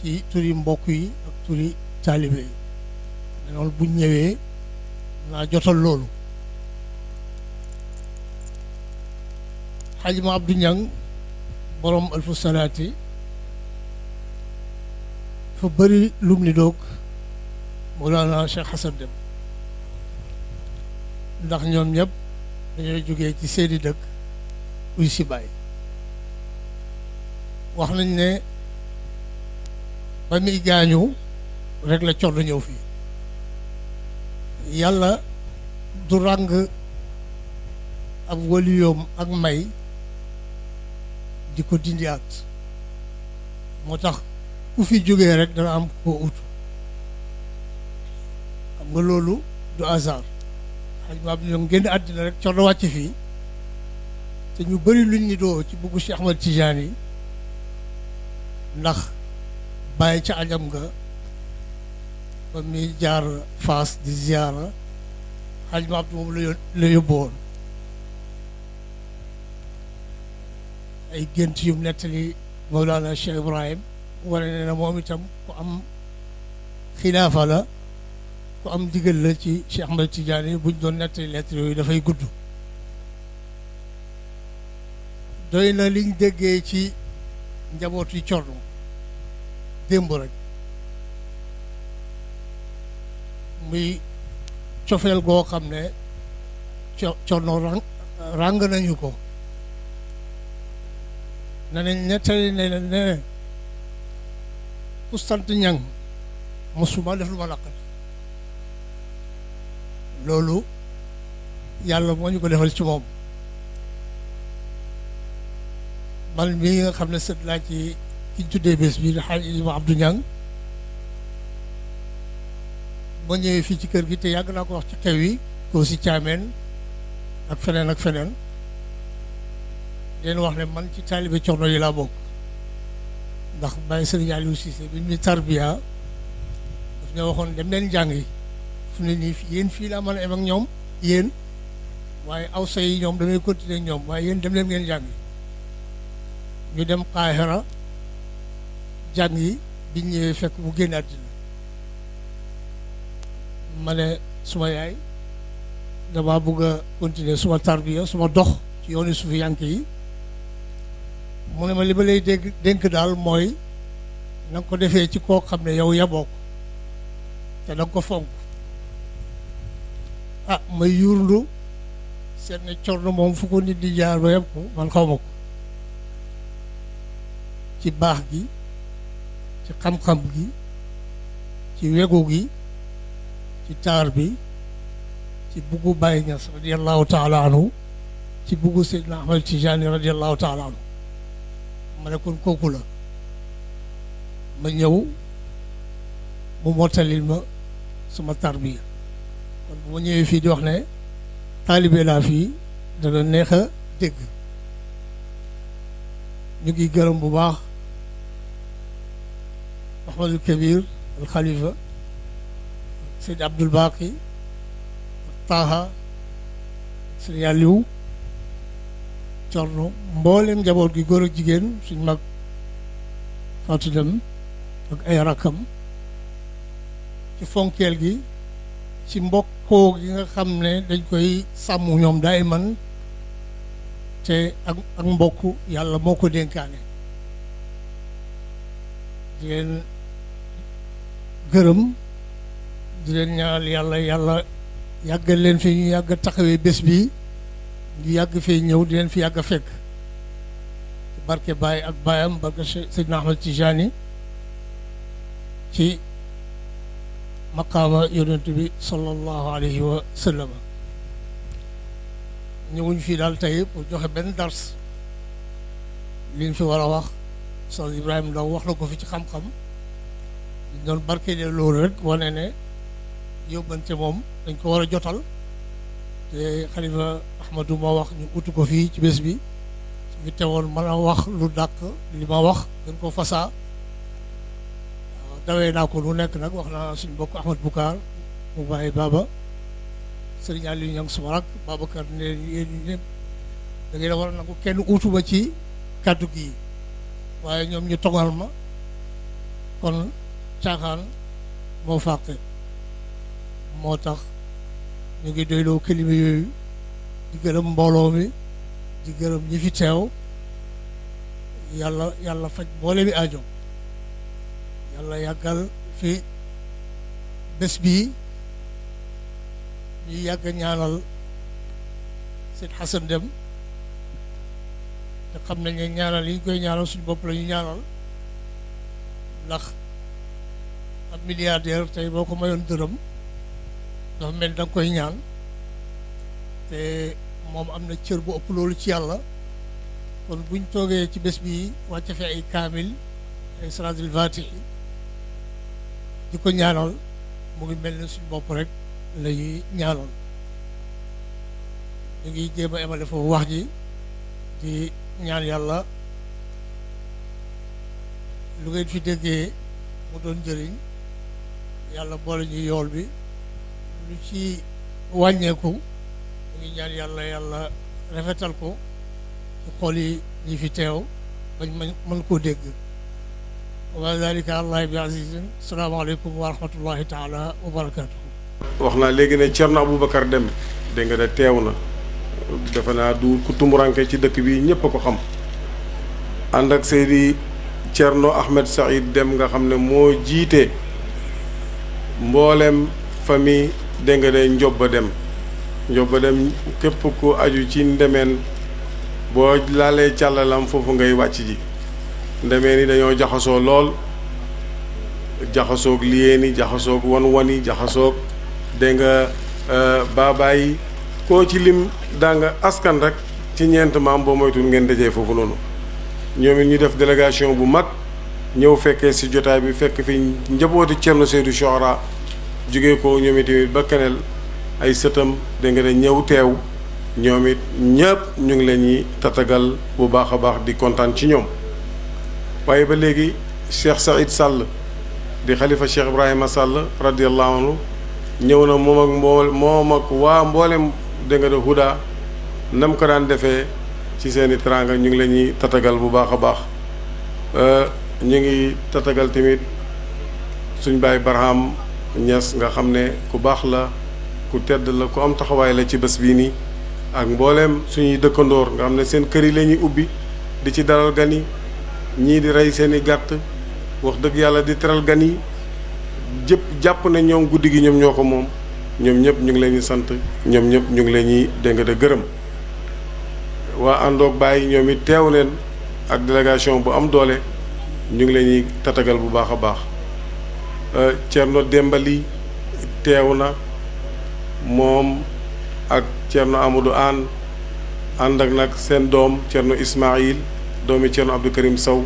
ci turi mbokk yi ak turi taalibe yi loolu buñ ñëwee naa jotal loolu xajma Abdou Niang boroom alfu salaati fa bëri lum ni doog Mawlana Cheikh Hassan Deme ndax ñoom ñëpp dañoo jógee ci seeni dëkk uy si bàyyi wax nañ ne ba muy gaañu rek la coono ñëw fii yàlla du ràng ab waliyoom ak may di ko dindi at moo tax ku fi jógee rek dana am koo ut xam nga loolu du hasard xaj ma am ñoom génn àddina rek coono wàcc fii te ñu bëri luñ ñu doo ci bëggu Cheikh Ahmad Tidiane yi ndax bàyyi ca ajam nga ba muy jaar Fass di ziyaara xaj ma abdu moom la yóbbu woon ay gént yum nettali Mawlana Cheikh Ibrahim wane ne na moom itam ku am xilaafa la ku am digal la ci Cheikh Ahmed Tidiane buñ doon nettali lettre yooyu dafay gudd doy na liñ déggee ci njaboot yi corno démb rek muy cofeel goo xam ne co coono ràng ràng nañu ko ne nañ nettali ne ku sant ñang mosuma def lu ma naqari loolu yàlla moo ñu ko defal ci moom man mii nga xam ne sët laa ci ki ñu tuddee bés bi xaal ilima Abdou Niang ba ñëwee fii ci kër gi te yàgg laa ko wax ci xew yi koo si caameen ak feneen ak feneen leen wax ne man ci taalibe Cerno yi laa bokk ndax Baye Serigne Aliou Cissé bi ñu tarbiya daf ñoo waxoon dem leen jàngi fu ne nii yéen fii laa mën a am ñoom yéen waaye aw say yi ñoom damay continuer ñoom waaye yéen dem leen ngeen jàngi ñu dem Qahira jàng yi biñ ñëwee fekk mu génn àddina ma ne suma yaay dama bëgg a continuer suma tarbiya suma dox ci yoonu suufi yank yi mu ne ma li ma lay dégg dénk daal mooy ko defee ci koo xam yow ya te da ko fonk ah ma yuurndu seet ne corn moom fu ko nit di jaar ba yem man xaw ma ci baax gi ci xam-xam gi ci wegu gi ci taar bi ci buggu Baye Niass radiallahu taala ci buggu Seydina Ahmad Tijaani radiallahu taala ma ne kon kooku la ma ñëw mu mottalil ma suma tarbiya kon bu ma ñëwee fii di wax ne taalibe laa fii dana neex a dégg ñu ngi gërëm bu baax Ahmadul Kabir al Khalifa sëñ Abdul Baqi Taha sëñ Aliou Thierno mboolem njaboot gi goro jigéen suñ mag Fatou Deme ak ay rakkam ci fonkeel gi ci mbokkoo gi nga xam ne dañ koy sàmm ñoom daay man te ak mbokk yàlla moo ko dénkaane di gërëm di leen ñaanal yàlla yàlla yàggal leen fi ñu yàgg taxawee bés bi ñu yàgg fee ñëw di leen fi yàgg a fekk barke Baye ak baayam barke Seydina Ahmad Tijaani ci maqaama yonent bi sallallahu alayhi wa sallam ñëwuñ fii daal tey pour joxe benn dars liñ fi war a wax Sëñ Ibrahima Ndao wax na ko fi ci xam-xam barke de loolu rek wane ne yóbbante moom dañ ko war jotal te khalifa Ahmadou ma wax ñu utu ko fi ci bés bi ñu fi teewoon wax lu dàkk li ma wax gën ko fassa dawé na ko lu nek nak wax naa bokk Ahmad bukar mu baye Baba serigne ali ñang suma rak Babacar ne yéen ñëpp da ngay wara a kenn utu ba ci kaddu gi waye ñom ñu togal ma kon caaxaan moo fàqe moo tax ñu ngi doyloo kilimi yooyu di gërëm mbooloo mi di gërëm ñi fi teew yàlla yàlla faj mboole mi ajo yàlla yàggal fi bés bii ñuy yàgg ñaanal seen xasan dem te xam nañ ne ñaanal yi ñu koy ñaanal suñu bopp la ñu ñaanal ndax ab milliardaire tey boo ko mayoon dërëm dafa mel da nga koy ñaan te moom am na cër bu ëpp loolu ci yàlla kon buñ toogee ci bés bi wàcce fi ay kaamil ay salaatul faatihi di ko ñaanal mu ngi mel ne suñ bopp rek la ñuy ñaanal ñu ngi jéem a emale foofu wax ji di ñaan yàlla lu ngeen fi déggee mu doon njëriñ yàlla boole ñu yool bi lu ci wàññeeku ñu ngi yàlla yàlla refetal ko xool yi ñi fi teew bañ ma mën koo dégg wa dalika allahi bi azizin salaamaaleykum wa rahmatullahi taala wa barakatuhu
wax naa léegi ne Thierno Aboubacar Deme dégg nga de teew na defe naa du ku ci dëkk bi ñépp a ko xam ànd ak Seydi Thierno Ahmed Saïd Deme nga xam ne moo jiitee mboolem famille dégg de day njobba dem njobba dem képp ku aju ci ndemeen boo lalee càllalam foofu ngay wàcc ji ndemeen yi dañoo jaxasoo lool jaxasoog liyeen yi jaxasoog wan-wan yi jaxasoog dégg nga euh, baabaay yi koo ci lim daa nga askan rek ci ñeent maam boo moytul ngeen dajee foofu noonu ñoom it ñu def délégation bu mag ñëw fekkee si jotaay bi fekk fi njabooti Thierno Seydou Soxra jóge ko ñoom itamit ba keneel ay sëtam da nga ñëw teew ñoom it ñëpp ñu ngi leen ñi tatagal bu baax a baax di kontaan ci ñoom waaye ba léegi Cheikh Saïd Sall di xalifa Cheikh Ibrahima Sall radiallahu ñëw na moom ak mbool moom ak waa mboolem da nga ne huda nam ko daan defee ci seen i teraanga ñu ngi leen ñi tatagal bu baax a baax euh, ñu ngi tatagal tamit suñu baay Barham ñas nga xam ne ku baax la ku tedd la ku am taxawaay la ci bés bii nii ak mbooleem suñuy dëkkandoor nga xam ne seen kër yi la ñuy ubbi di ci dalal gani ñii di rey seeni i gàtt wax dëgg yàlla di teral gani jëpp jàpp na ñoom guddi gi ñoom ñoo ko moom ñoom ñëpp ñu ngi leen di sant ñoom ñëpp ñu ngi leen di dégg de gërëm waa àndoog bàyyi ñoom it teew neen ak délégation bu am doole ñu ngi leen di tatagal bu baax a baax euh, Thierno Dembali teew na moom ak Thierno Amadou Anne ànd ak nag seen doom Thierno Ismaïl doomi Thierno Abdou Karim Sow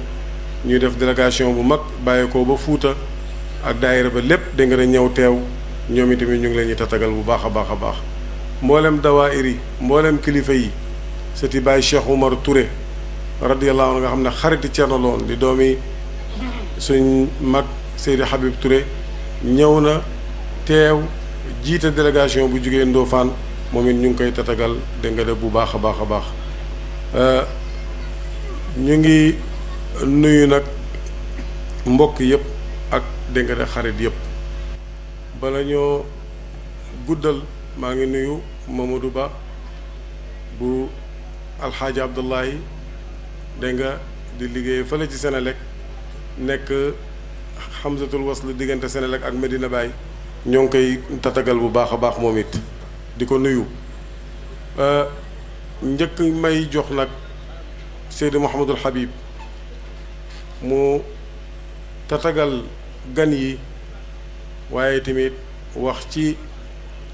ñuy def délégation bu mag bàyyeekoo ba Fuuta ak daayira ba lépp da nga ñëw teew ñoom itamit ñu ngi leen di tatagal bu baax a baax a baax mboolem dawaayir yi mboolem kilifa yi sëti Baay Cheikh Oumar Touré radiyallahu anhu nga xam ne xariti Thierno loon di doomi suñ mag Seydi Habib Touré ñëw na teew jiite délégation bu jógee Ndofane moom it ñu ngi koy tatagal dégg nga def bu baax a baax a baax euh, ñu ngi nuyu nag mbokk yëpp ak dégg nga def xarit yëpp bala ñoo guddal maa ngi nuyu Mamadou Ba bu alxaaji Abdullahi dégg nga di liggéey fële ci seen Senelec nekk was wasl diggante Senelec ak Medina baay ñoo ngi koy tatagal bu baax a baax moom it di ko nuyu euh, njëkk may jox nag Seydi Mouhamadul Habib mu tatagal gan yi waaye tamit wax ci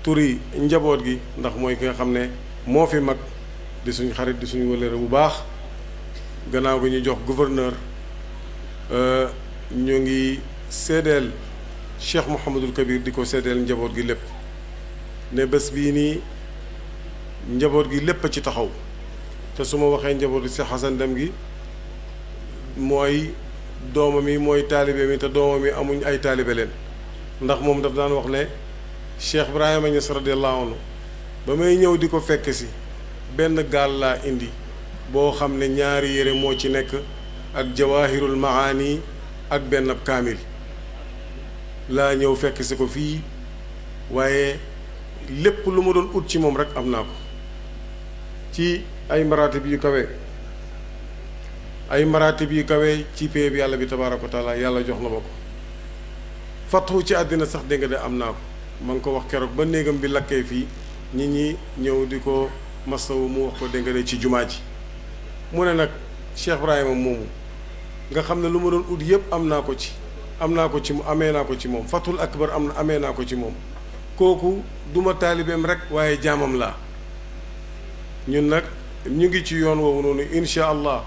turi njaboot gi ndax mooy ki xam ne moo fi mag di suñ xarit di suñu wëlëre bu baax gannaaw gi ñu jox gouverneur Euh, ñu ngi seedeel Cheikh Mouhamadul Kabir di ko seddeel njaboot gi lépp ne bés bii nii njaboot gi lépp a ci taxaw te su ma waxee njaboot gi si xasan dem gi mooy doomam yi mooy taalibe mi te doomam yi amuñ ay taalibe leen ndax moom daf daan wax ne Cheikh Ibrahima Niass radiyallahu anhu ba may ñëw di ko fekk si benn gaal laa indi boo xam ne ñaari yére moo ci nekk ak jawaahirul maani ak benn ab kaamil laa ñëw fekk si ko fii waaye lépp lu ma doon ut ci moom rek am naa ko ci ay maratib yu kawe ay maratib yu kawe ci péeb yàlla bi tabaaraka wa taala yàlla jox na ma ko fatxu ci àddina sax dégg am naa ko ma ngi ko wax keroog ba néegam bi lakkee fii nit ñi ñëw di ko masawu mu wax ko dégg ci jumaa ji mu ne nag Cheikh Ibrahima moomu nga xam ne lu ma doon ut yëpp am naa ko ci am naa ko ci amee naa ko ci moom fatul akbar am na amee naa ko ci moom kooku duma taalibeem rek waaye jaamam laa ñun nag ñu ngi ci yoon woowu noonu incha allah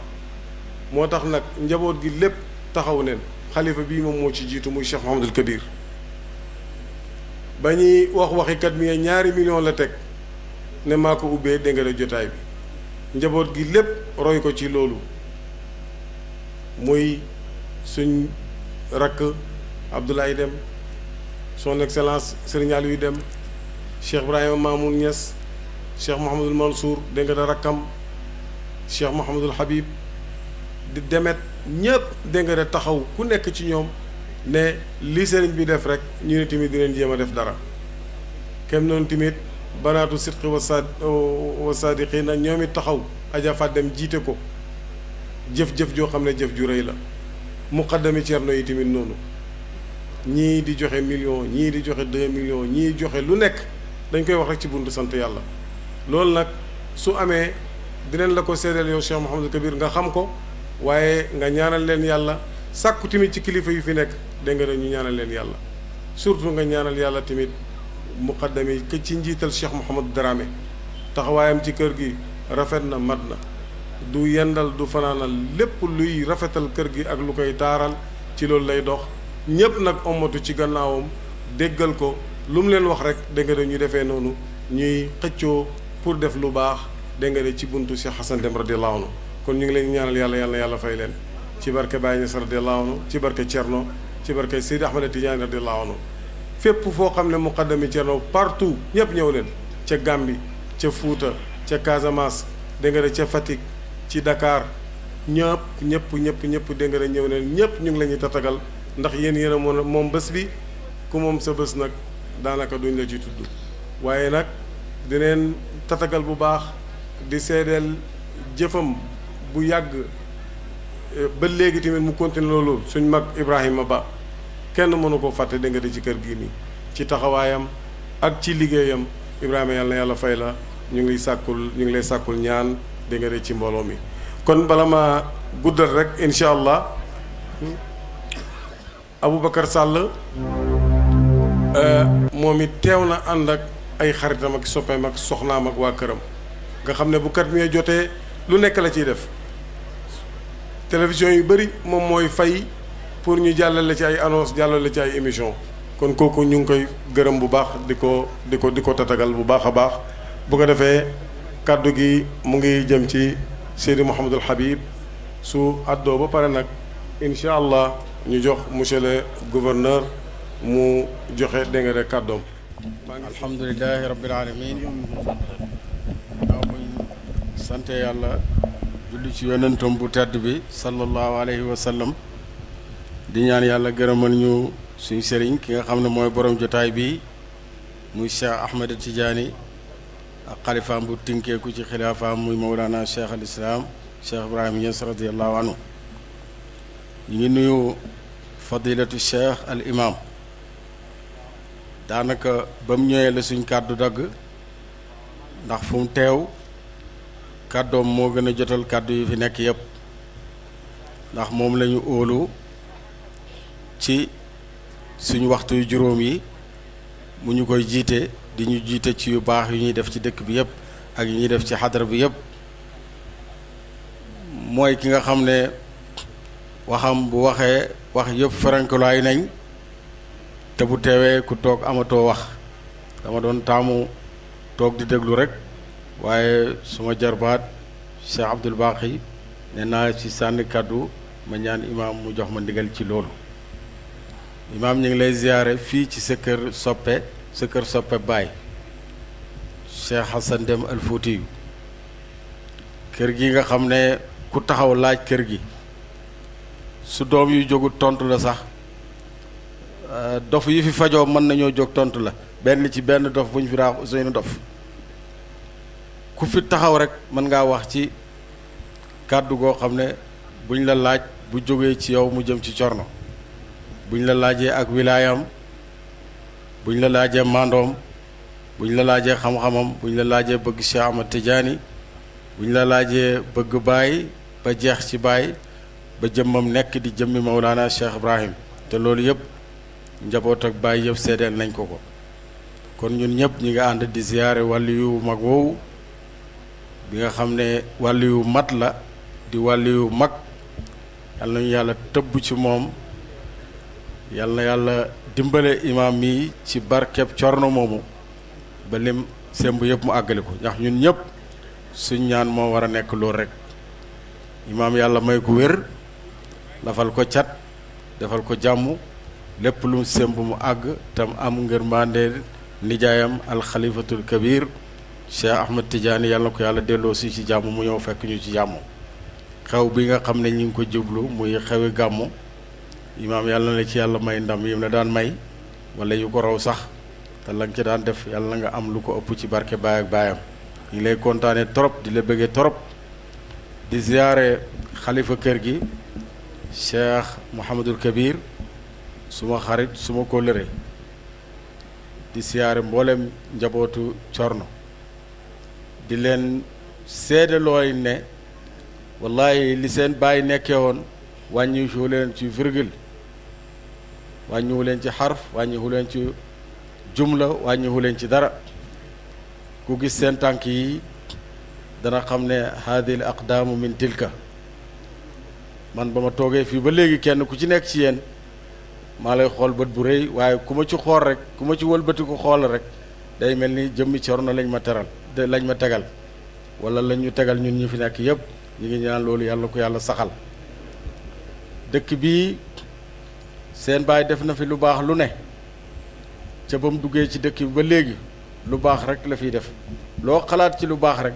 moo tax nag njaboot gi lépp taxaw neen xalifa bii moom moo ci jiitu muy Cheikh Mouhamadul Kabir ba ñuy wax waxi kat mi ñaari million la teg ne maa ko ubbee dégg jotaay bi njaboot gi lépp roy ko ci loolu muy suñ rakk Abdoulaye Deme son excellence Serigne Aliou Deme Cheikh Ibrahima Mamoun Niass Cheikh Mouhamadul Mansour dégg nga da rakkam Cheikh Mouhamadul Habib di demet ñépp dégg nga da taxaw ku nekk ci ñoom ne li sëriñ bi def rek ñu ne tamit dinañ jéem a def dara kem noonu tamit banaatu sidqi wa saad wa saadiqina ñoom it taxaw Adja Fat dem jiite ko jëf-jëf joo xam ne jëf ju rëy la muqaddami cerno yi tamit noonu ñii di joxe million ñii di joxe deux million ñii joxe lu nekk dañ koy wax rek ci buntu sant yàlla loolu nag su amee di dinañ la ko seedeel yow Cheikh Mouhamadou Kabir nga xam ko waaye nga ñaanal leen yàlla sàkku tamit ci kilifa yu fi nekk dégg nga ñu ñaanal leen yàlla surtout nga ñaanal yàlla tamit muqaddam yi ci njiital Cheikh Mouhamadou Dramé taxawaayam ci kër gi rafet na mat na du yendal du fanaanal lépp luy rafetal kër gi ak lu koy taaral ci loolu lay dox ñépp nag omatu ci gannaawam déggal ko lu mu leen wax rek dégg nga ñu defee noonu ñuy xëccoo pour def lu baax dégg nga ci buntu Cheikh Hassan Dème radiyallahu anhu kon ñu ngi leen ñaanal yàlla yàlla yàlla fay leen ci barke Baye Niass radiyallahu anhu ci barke Thierno ci barke Seydi Ahmed Tidiane radiyallahu anhu fépp foo xam ne muqaddami Thierno partout ñëpp ñëw leen ca Gambie ca fuuta ca Casamance dégg ca Fatick ci dakaar ñëpp ñëpp ñëpp ñëpp dégg ñëw neen ñëpp ñu ngi lañuy tatagal ndax yéen yéen a moom moom bés bi ku moom sa bés nag daanaka duñ la ci tudd waaye nag dineen tatagal bu baax di seedeel jëfam bu yàgg eh, ba léegi tamit mu continué loolu suñ mag Ibrahima Ba kenn mënu koo fàtte dégg ci kër gii ni ci taxawaayam ak ci liggéeyam Ibrahima yàlla na yàlla fay la ñu ngi sàkkul ñu ngi lay sàkkul ñaan di nga ci mbolo mi kon bala ma guddal rek inshallah abou bakkar sall euh momi tewna andak ay xaritam ak soppeem ak soxnaam ak wa këram nga xam bu kat mi jotee lu nek la ci def télévision yu bari mom moy fay pour ñu jàllale ci ay annonce jàllale ci ay émission kon kooku ñu ngi koy gërëm bu baax diko diko diko tatagal bu baaxa baax bu ko défé kàddu gi mu ngi jëm ci Seydi Mouhamadul Habib su àddoo ba pare nag incha allah ñu jox monsieur le gouverneur mu joxe dégg nga de kàddoom.
alhamdulilahi rabbil alamin waaw yàlla julli ci yonentam bu tedd bi sallallahu alayhi wa di ñaan yàlla gërëmal ñu suñu sëriñ ki nga xam ne mooy borom jotaay bi muy Cheikh Ahmed Tidiane. ak xalifaam bu tinkeeku ci xilaafaam muy mawlaana cheikh al islaam cheikh ibrahima Niass radiallahu anhu ñu ngi nuyu fadilatu cheikh al imam daanaka bam mu ñëwee la suñ kàddu dagg ndax fu teew kàddoom moo gën a jotal kàddu yi fi nekk yépp ndax moom lañu óolu ci suñ waxtu juróom yi mu ñu koy jiite di ñu jiite ci yu baax yu ñuy def ci dëkk bi yépp ak yu ñuy def ci xadara bi yépp mooy ki nga xam ne waxam bu waxee wax yépp ferankulaay nañ te bu teewee ku toog amatoo wax dama doon taamu toog di déglu rekk waaye suma jarbaat Cheikh Abdul Baqi ne naa ci sànni kàddu ma ñaan imaam mu jox ma ndigal ci loolu imaam ñu ngi lay ziyaare fii ci sa kër soppe sa kër soppe baay Cheikh Hassan Dème Al Foutiyu kër gi nga xam ne ku taxaw laaj kër gi su doom yu jógut tontu la sax euh, dof yi fi fajoo mën nañoo jóg tontu la benn ci benn dof bu ñu fi raax Ousseynou Dof ku fi taxaw rek mën ngaa wax ci kàddu goo xam ne buñ la laaj bu jógee ci yow mu jëm ci corno buñ la laajee ak wilaayam buñ la laajee mandoom buñ la laajee xam-xamam buñ la laajee bëgg Cheikh Ahmad bu ñu la laajee bëgg baay ba jeex ci baay ba jëmmam nekk di jëmmi Mawlana Cheikh Ibrahim te loolu yëpp njaboot ak baay yëpp seedeel nañ ko ko kon ñun ñëpp ñi ngi ànd di ziyaare wàllu yu mag woowu bi nga xam ne wàllu yu mat la di wàllu yu mag yal nañu yàlla tëbb ci moom yal na yàlla dimbale imaam mii ci barkeb na moomu ba lim semb yëpp mu àggale ko ndax ñun ñëpp suñ ñaan moo war a nekk loolu rek imaam yàlla may ko wér lafal ko cat defal ko jàmm lépp lu semb mu àgg tam am ngërmande nijaayam alxalifatul kabir Cheikh Ahmed Tidiane yàlla ko yàlla delloo si ci jàmm mu ñëw fekk ñu ci jàmm xew bi nga xam ne ñu ngi ko jublu muy xewi gàmmu imaam yàlla na la ci yàlla may ndam yim la daan may walla yu ko raw sax te la nga daan def yàlla na nga am lu ko ëpp ci barke baay ak baayam ñu lay kontaane trop di la bëggee trop di ziyaare xalifa kër gi cheikh Mouhamadul Kabir suma xarit suma kóllëre di siyaare mboolem njabootu Corno di leen seede looy ne wallahi li seen bàyyi nekkee woon wàññi soo leen ci virgule wàññiwu leen ci xarf wàññiwu leen ci jumla wàññiwu leen ci dara ku gis seen tànk yi dana xam ne haadil aqdaamu min tilka man ba ma toogee fii ba léegi kenn ku ci nekk ci yéen maa lay xool bët bu rëy waaye ku ma ci xool rek ku ma ci wëlbati ko xool rek day mel ni jëmmi Cerno lañ ma teral lañ ma tegal wala lañ ñu tegal ñun ñu fi nekk yépp ñu ngi ñaan loolu yàlla ko yàlla saxal dëkk bii seen baay def na fi lu baax lu ne ca ba duggee ci dëkk bi ba léegi lu baax rek la fiy def loo xalaat ci lu baax rek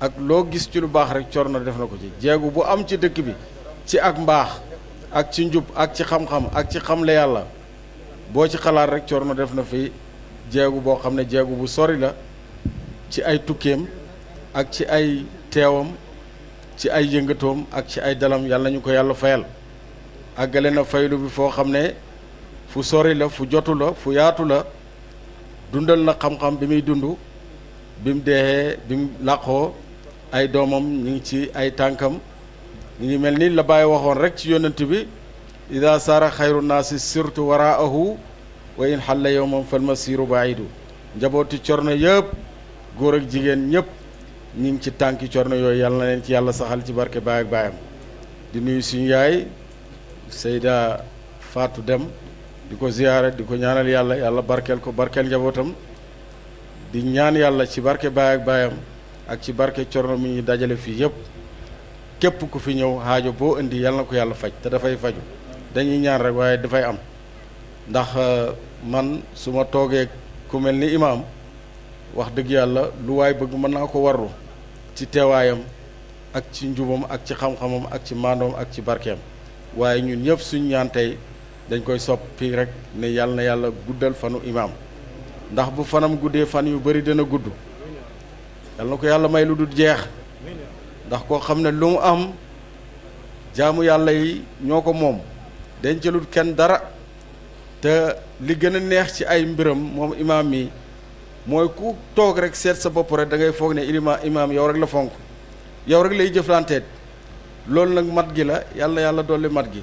ak loo gis ci lu baax rek na def na ko ci jéegu bu am ci dëkk bi ci ak mbaax ak ci njub ak ci xam-xam ak ci xamle yàlla boo ci xalaat rek na def na fi jéegu boo xam ne jéegu bu sori la ci ay tukkeem ak ci ay teewam ci ay yëngatoom ak ci ay dalam yàlla nañu ko yàlla fayal àggale na faylu bi foo xam ne fu sori la fu jotu la fu yaatu la dundal na xam-xam bi muy dund bi mu deexee bi mu ay doomam ñu ngi ci ay tànkam ñu ngi mel ni la bàyyi waxoon rek ci yonent bi ida saara xayru naa si naasi surtu waraahu wa in xalla yowman fal masiru baidu njabooti corno yëpp góor ak jigéen ñëpp ñu ci tànki corno yooyu yàlla na leen ci yàlla saxal ci barke baay ak baayam di nuyu suñu yaay Seyda faatu Dem di ko ziyaare di ko ñaanal yàlla yàlla barkeel ko barkeel njabootam di ñaan yàlla ci barke baay ak baayam ak ci barke Cerno mi ñu dajale fii yépp képp ku fi ñëw xaajo boo indi yàlla na ko yàlla faj te dafay faju dañuy ñaan rek waaye dafay am ndax euh, man su ma toogee ku mel ni imaam wax dëgg yàlla lu waay bëgg mën naa ko warlu ci teewaayam ak ci njubam ak ci xam-xamam ak ci maandoom ak ci barkeem waaye ñun ñëpp suñ ñaan tey dañ koy soppi rek ne yàlla na yàlla guddal fanu imaam ndax bu fanam guddee fan yu bëri dana gudd yàlla ko yàlla may lu dul jeex ndax koo xam ne lu mu am jaamu yàlla yi ñoo ko moom dencalut kenn dara te li gën a neex ci ay mbiram moom imaam mi mooy ku toog rek seet sa bopp rek da ngay foog ne ilima imaam yow rek la fonk yow rek lay jëflanteet loolu nag mat gi la yàlla yàlla dolli mat gi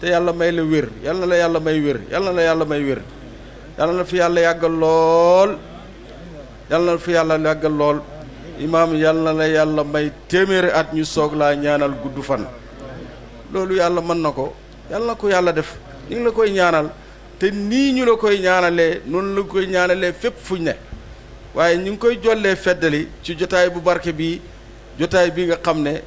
te yàlla may la wér yàlla la yàlla may wér yàlla la yàlla may wér yàlla na fi yàlla yàggal lool yàlla na fi yàlla yàggal lool imaam yàlla na yàlla may téeméeri at ñu soog laa ñaanal gudd fan loolu yàlla mën na ko yàlla na ko yàlla def ñu la koy ñaanal te nii ñu la koy ñaanalee noonu la koy ñaanalee fépp fuñ ne waaye ñu ngi koy jollee feddali ci jotaay bu barke bii jotaay bii nga xam ne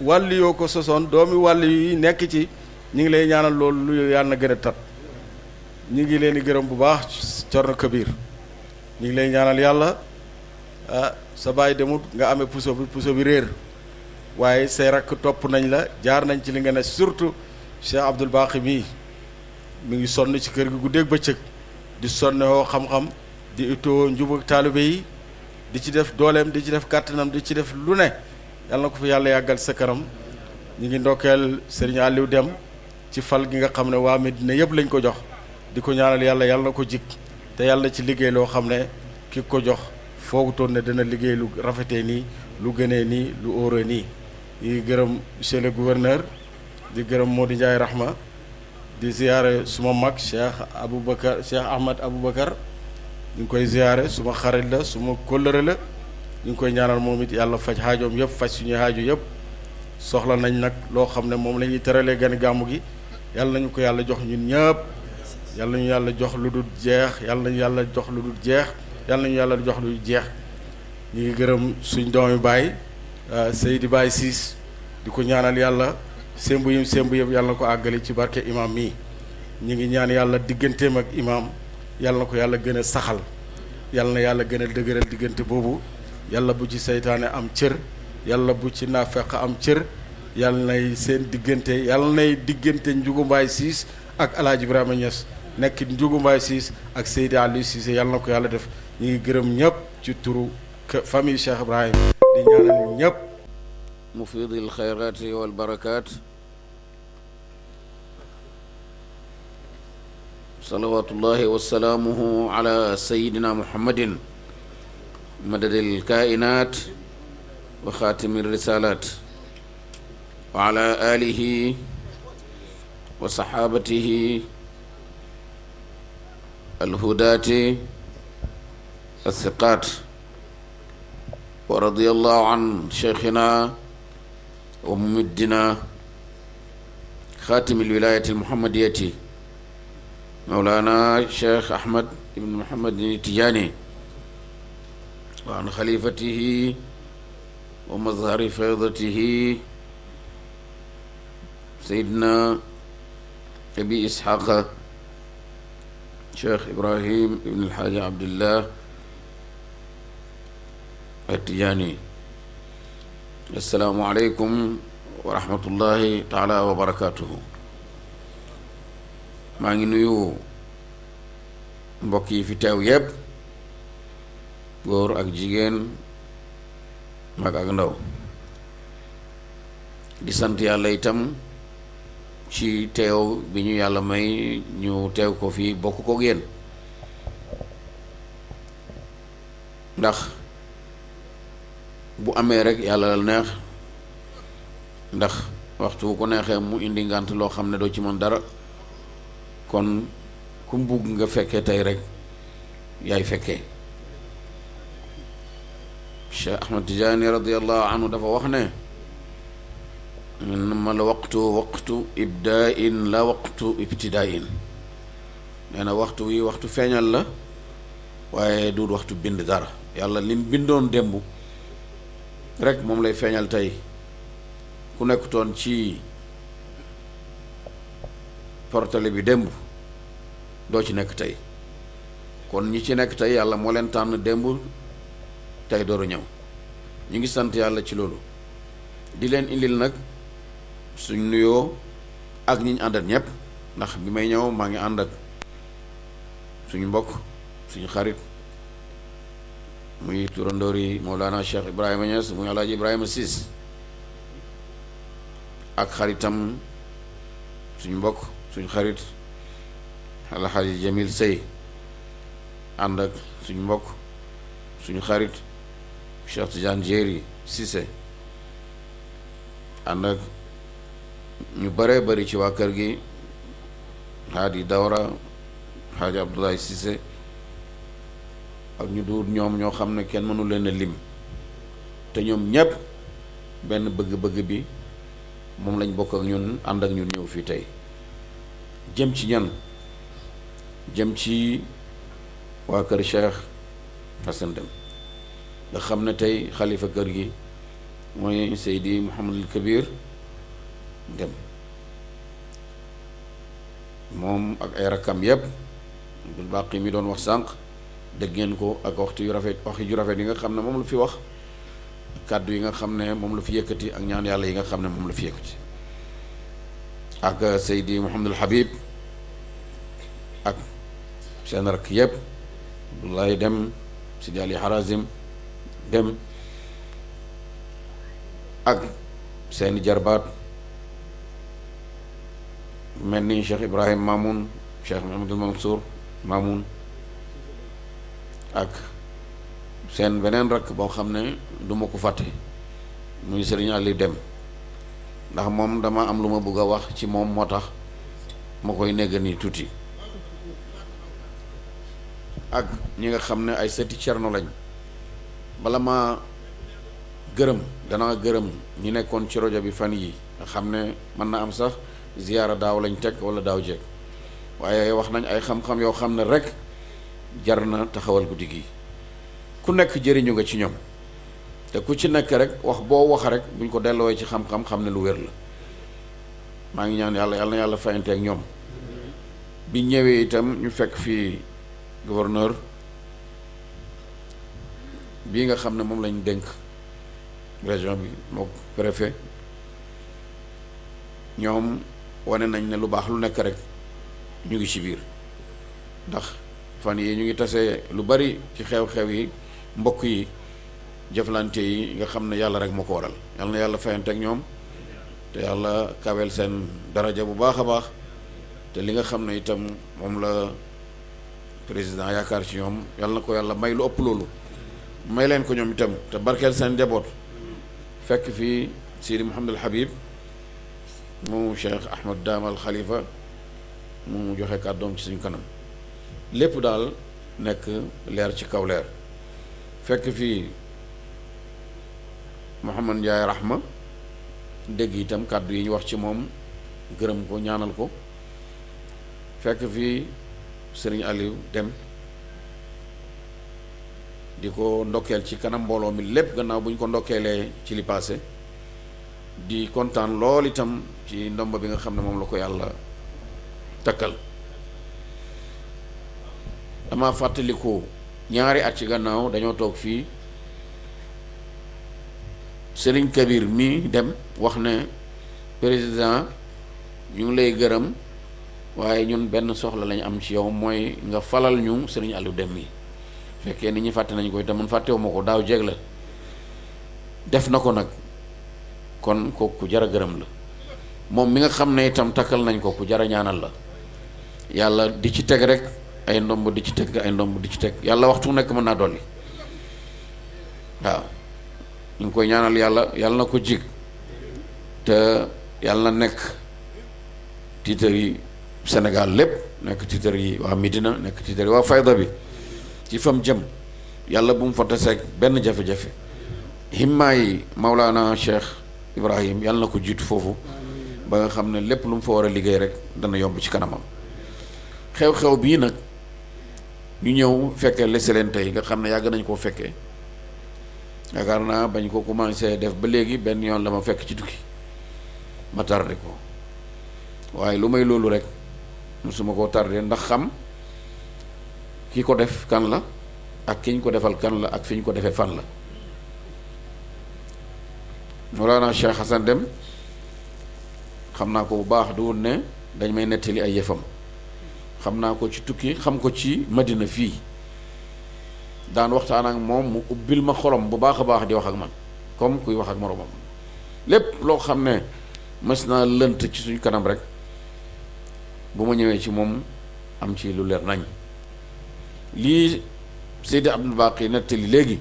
wàlli yoo ko sosoon doomi wàll yi nekk ci ñu ngi lay ñaanal loolu lu yàlla na gën tat ñu ngi leen di gërëm bu baax Cerno biir ñu ngi lay ñaanal yàlla ah, sa baay demut nga amee puso bi puso bi réer waaye say rakk topp nañ la jaar nañ ci li nga ne surtout Cheikh Abdoul Baqi mii mu ngi sonn ci kër gi guddeeg bëccëg di sonnewoo xam-xam di itoo njub ak taalibe yi di ci def dooleem di ci def kàttanam di ci def lu ne yàlla na ko fi yàlla yàggal sa kanam ñu ngi ndokkeel Serigne Aliou dem ci fal gi nga xam ne waa Medina yëpp lañ ko jox di ko ñaanal yàlla yàlla na ko jik te yàlla ci liggéey loo xam ne ki ko jox foogutoon ne dana liggéey lu rafetee nii lu gënee nii lu óoree nii di gërëm monsieur le gouverneur di gërëm moo Modou Ndiaye Rahma di ziyaare suma mag Cheikh Aboubacar Cheikh abu Aboubacar ñu koy ziyaare suma xarit la suma kóllëre la ñu ngi koy ñaanal moom it yàlla faj xaajoom yëpp faj suñuy xaajo yëpp soxla nañ nag loo xam ne moom la ñuy teralee gane gàmmu gi yàlla nañu ko yàlla jox ñun ñëpp yàlla nañu yàlla jox lu dul jeex yàlla nañu yàlla jox lu dul jeex yàlla nañu yàlla jox lu jeex ñu ngi gërëm suñ doomi baay euh, Seydi Baay Siis di ko ñaanal yàlla sémb yim sémb yëpp yàlla na ko àggale ci barke imam mii ñu ngi ñaan yàlla digganteem ak imam yàlla na ko yàlla gën a saxal yàlla na yàlla gën a dëgëral diggante boobu yàlla bu ci seytaane am cër yàlla bu ci nafaq am cër yàlla nay seen digënté yàlla nay digënté njugu mbay siis ak alaaji Ibrahima ñess nek njugu mbay siis ak Seydi Aliou Cissé yàlla nako yàlla def ñi ngi gërëm ñëpp ci turu famille Cheikh Ibrahim di ñaanal ñep
mufidil الخيرات والبركات صلوات الله وسلامه على سيدنا محمد مدد الكائنات وخاتم الرسالات وعلى آله وصحابته الهداة الثقات ورضي الله عن شيخنا وممدنا خاتم الولاية المحمدية مولانا الشيخ أحمد بن محمد التجاني وعن خليفته ومظهر فيضته سيدنا أبي إسحاق شيخ إبراهيم بن الحاج عبد الله التجاني السلام عليكم ورحمة الله تعالى وبركاته maa ngi nuyu في تاويب góor ak jigéen mag ak ndaw di sant yàlla itam ci teew bi ñu yàlla may ñu teew ko fii bokk ko yéen ndax bu amee rek yàlla la neex ndax waxtu ko neexee mu indi ngant loo xam ne doo ci mën dara kon ku mu nga fekkee tey rekk yaay fekkee Cheikh Ahmad Tijaani radiallahu anhu dafa wax ne ma la waqtu waqtu ibdain la waqtu ibtidain nee na waxtu wi waxtu feeñal la waaye du waxtu bind dara yàlla lim bindoon démb rek moom lay feeñal tey ku nekkutoon ci portale bi démb doo ci nekk tey kon ñi ci nekk tey yàlla moo leen tànn démb tay door a ñu ngi sant yalla ci lolu di len indil nak suñ nuyo ak ñi andal ñep ndax bi may ñew ma ngi ànd ak suñu mbokk suñu xarit muy turandori yi Cheikh Ibrahima Niass muy Alaaji Ibrahima sis ak xaritam suñu mbokk suñu xarit Jamil Sey andak suñu mbokk suñu xarit Cheikh Tidiane Diéry Cissé ànd ak ñu baree bari ci waa kër gi Hadi Dawra Hadi Abdoulaye Cissé ak ñu duur ñoom ñoo xam ne kenn mënu leen lim te ñoom ñépp benn bëgg-bëgg bi moom lañ bokk ak ñun ànd ak ñun ñëw fii tey jëm ci ñan jëm ci waa kër Cheikh Hassane Dème ndax xam na tey xalifa kër gi mooy Seydi Mouhamadul Kabir dem moom ak ay rakkam yépp Abdul Baqi mi doon wax sànq dégg ngeen ko ak waxtu yu rafet waxi ju rafet yi nga xam ne moom la fi wax kàddu yi nga xam ne moom la fi yëkkati ak ñaan yàlla yi nga xam ne moom la fi yëkkati ak Seydi Mouhamadul Habib ak seen rakk yépp Abdoulaye Dem Sidi Ali Harazim dem ak seeni jarbat melni Cheikh Ibrahim Mamoun Cheikh mamoudou Mansour Mamoun ak seen benen rak bo xamne duma ko faté muy Serigne ali Dem ndax mom dama am luma bëgg wax ci mom motax makoy ma koy ak ñi nga ay setti cerno lañu bala ma gërëm danaa gërëm ñu nekkoon ci rajo bi fan yii nga xam ne mën na am sax ziyaara daaw lañ teg wala daaw jeeg waaye wax nañ ay xam-xam yoo xam ne rek jar na taxawal guddi gi ku nekk jëriñu nga ci ñoom te ku ci nekk rek wax boo wax rek buñ ko delloowee ci xam-xam xam ne lu wér la maa ngi ñaan yàlla yàlla na yàlla fayante ñoom bi ñëwee itam ñu fekk fii gouverneur bii nga xam ne moom lañu dénk région bi mook préfet ñoom wane nañ ne lu baax lu nekk rek ñu ngi ci biir ndax fan yi ñu ngi tase lu bari ci xew-xew yi mbokk yi jëflante yi nga xam ne yàlla rek moo ko waral yàlla na yàlla fayante ak ñoom te yàlla kawel seen daraja bu baax a baax te li nga xam ne itam moom la président yaakaar ci ñoom yàlla na ko yàlla may lu ëpp loolu may leen ko ñoom itam te barkeel seen njaboot fekk fii Sidi Mouhamadul Habib moomu Cheikh Ahmad Daamal Khalifa mu joxe kàddoom ci suñu kanam lépp daal nekk leer ci kaw leer fekk fii Mouhamad Ndiaye Rahma dégg itam kàddu yi ñu wax ci moom gërëm ko ñaanal ko fekk fii Serigne Aliou Dem di ko ndokkeel ci kanam mbooloo mi lépp gannaaw bu ñu ko ndokkeelee ci li paase di kontaan lool itam ci ndomba bi nga xam ne moom la ko yàlla takkal dama fàttaliku ñaari at ci gannaaw dañoo toog fii Serigne Kabir mi dem wax ne président ñu ngi lay gërëm waaye ñun benn soxla lañu am ci yow mooy nga falal ñu Serigne Aliou Deme mi fekkee nit ñi fàtte nañu koy itam man fàttewu ma ko daaw jeeg la def na ko nag kon ko ku jara gërëm la moom mi nga xam ne itam takkal nañ ko ku jara ñaanal la yàlla di ci teg rek ay ndomb di ci teg ay ndomb di ci teg yàlla waxtu nekk mën naa dolli waaw ñu ngi koy ñaanal yàlla yàlla na ko jig te yàlla na nekk tiitar yi senegal lépp nekk tiitar yi waa Médina nekk tiitar yi waa Fayda bi ci fam jëm yàlla bu mu fa taseeg benn jafe-jafe himmaa yi Maulana Cheikh Ibrahim yàlla na ko jiitu foofu ba nga xam ne lépp lu mu fa war a liggéey rek dana yomb ci kanamam xew-xew bii nag ñu ñëw fekkee leseleen tey nga xam ne yàgg nañ koo fekkee yaakaar naa bañ ko commencé def ba léegi benn yoon la ma fekk ci tukki ma tardé ko waaye lu may loolu rek musuma koo tardé ndax xam ki ko def kan la ak ki ñu ko defal kan la ak fi ñu ko defee fan la Mawlana Cheikh xam naa ko bu baax du woon ne dañ may nettali ay yëfam xam naa ko ci tukki xam ko ci Madina fii daan waxtaan ak moom mu ubbil ma xolom bu baax a baax di wax ak man comme kuy wax ak moroomam lépp loo xam ne mës naa lënt ci suñu kanam rek bu ma ñëwee ci moom am ci lu leer nañ lii Seydi Abdul Baqi nettali léegi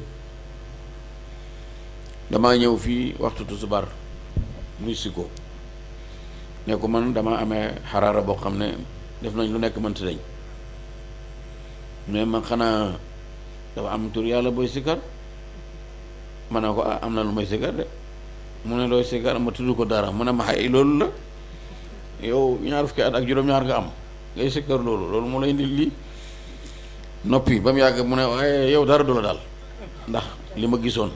damaa ñëw fii waxtu tusubar muy si ko ne ko man dama amee xaraara boo xam ne def nañ lu nekk mënta dañ mais man xanaa dafa am tur yàlla booy sikkar ma ne ko ah am na lu may sikkar de mu ne looy sikkar ma tudd ko dara mu a ma xay loolu la yow ñaar fukki at ak juróom-ñaar nga am ngay sikkar loolu loolu mu lay indil lii noppi ba mu yàgg mu ne waaye yow dara du la daal ndax li ma gisoon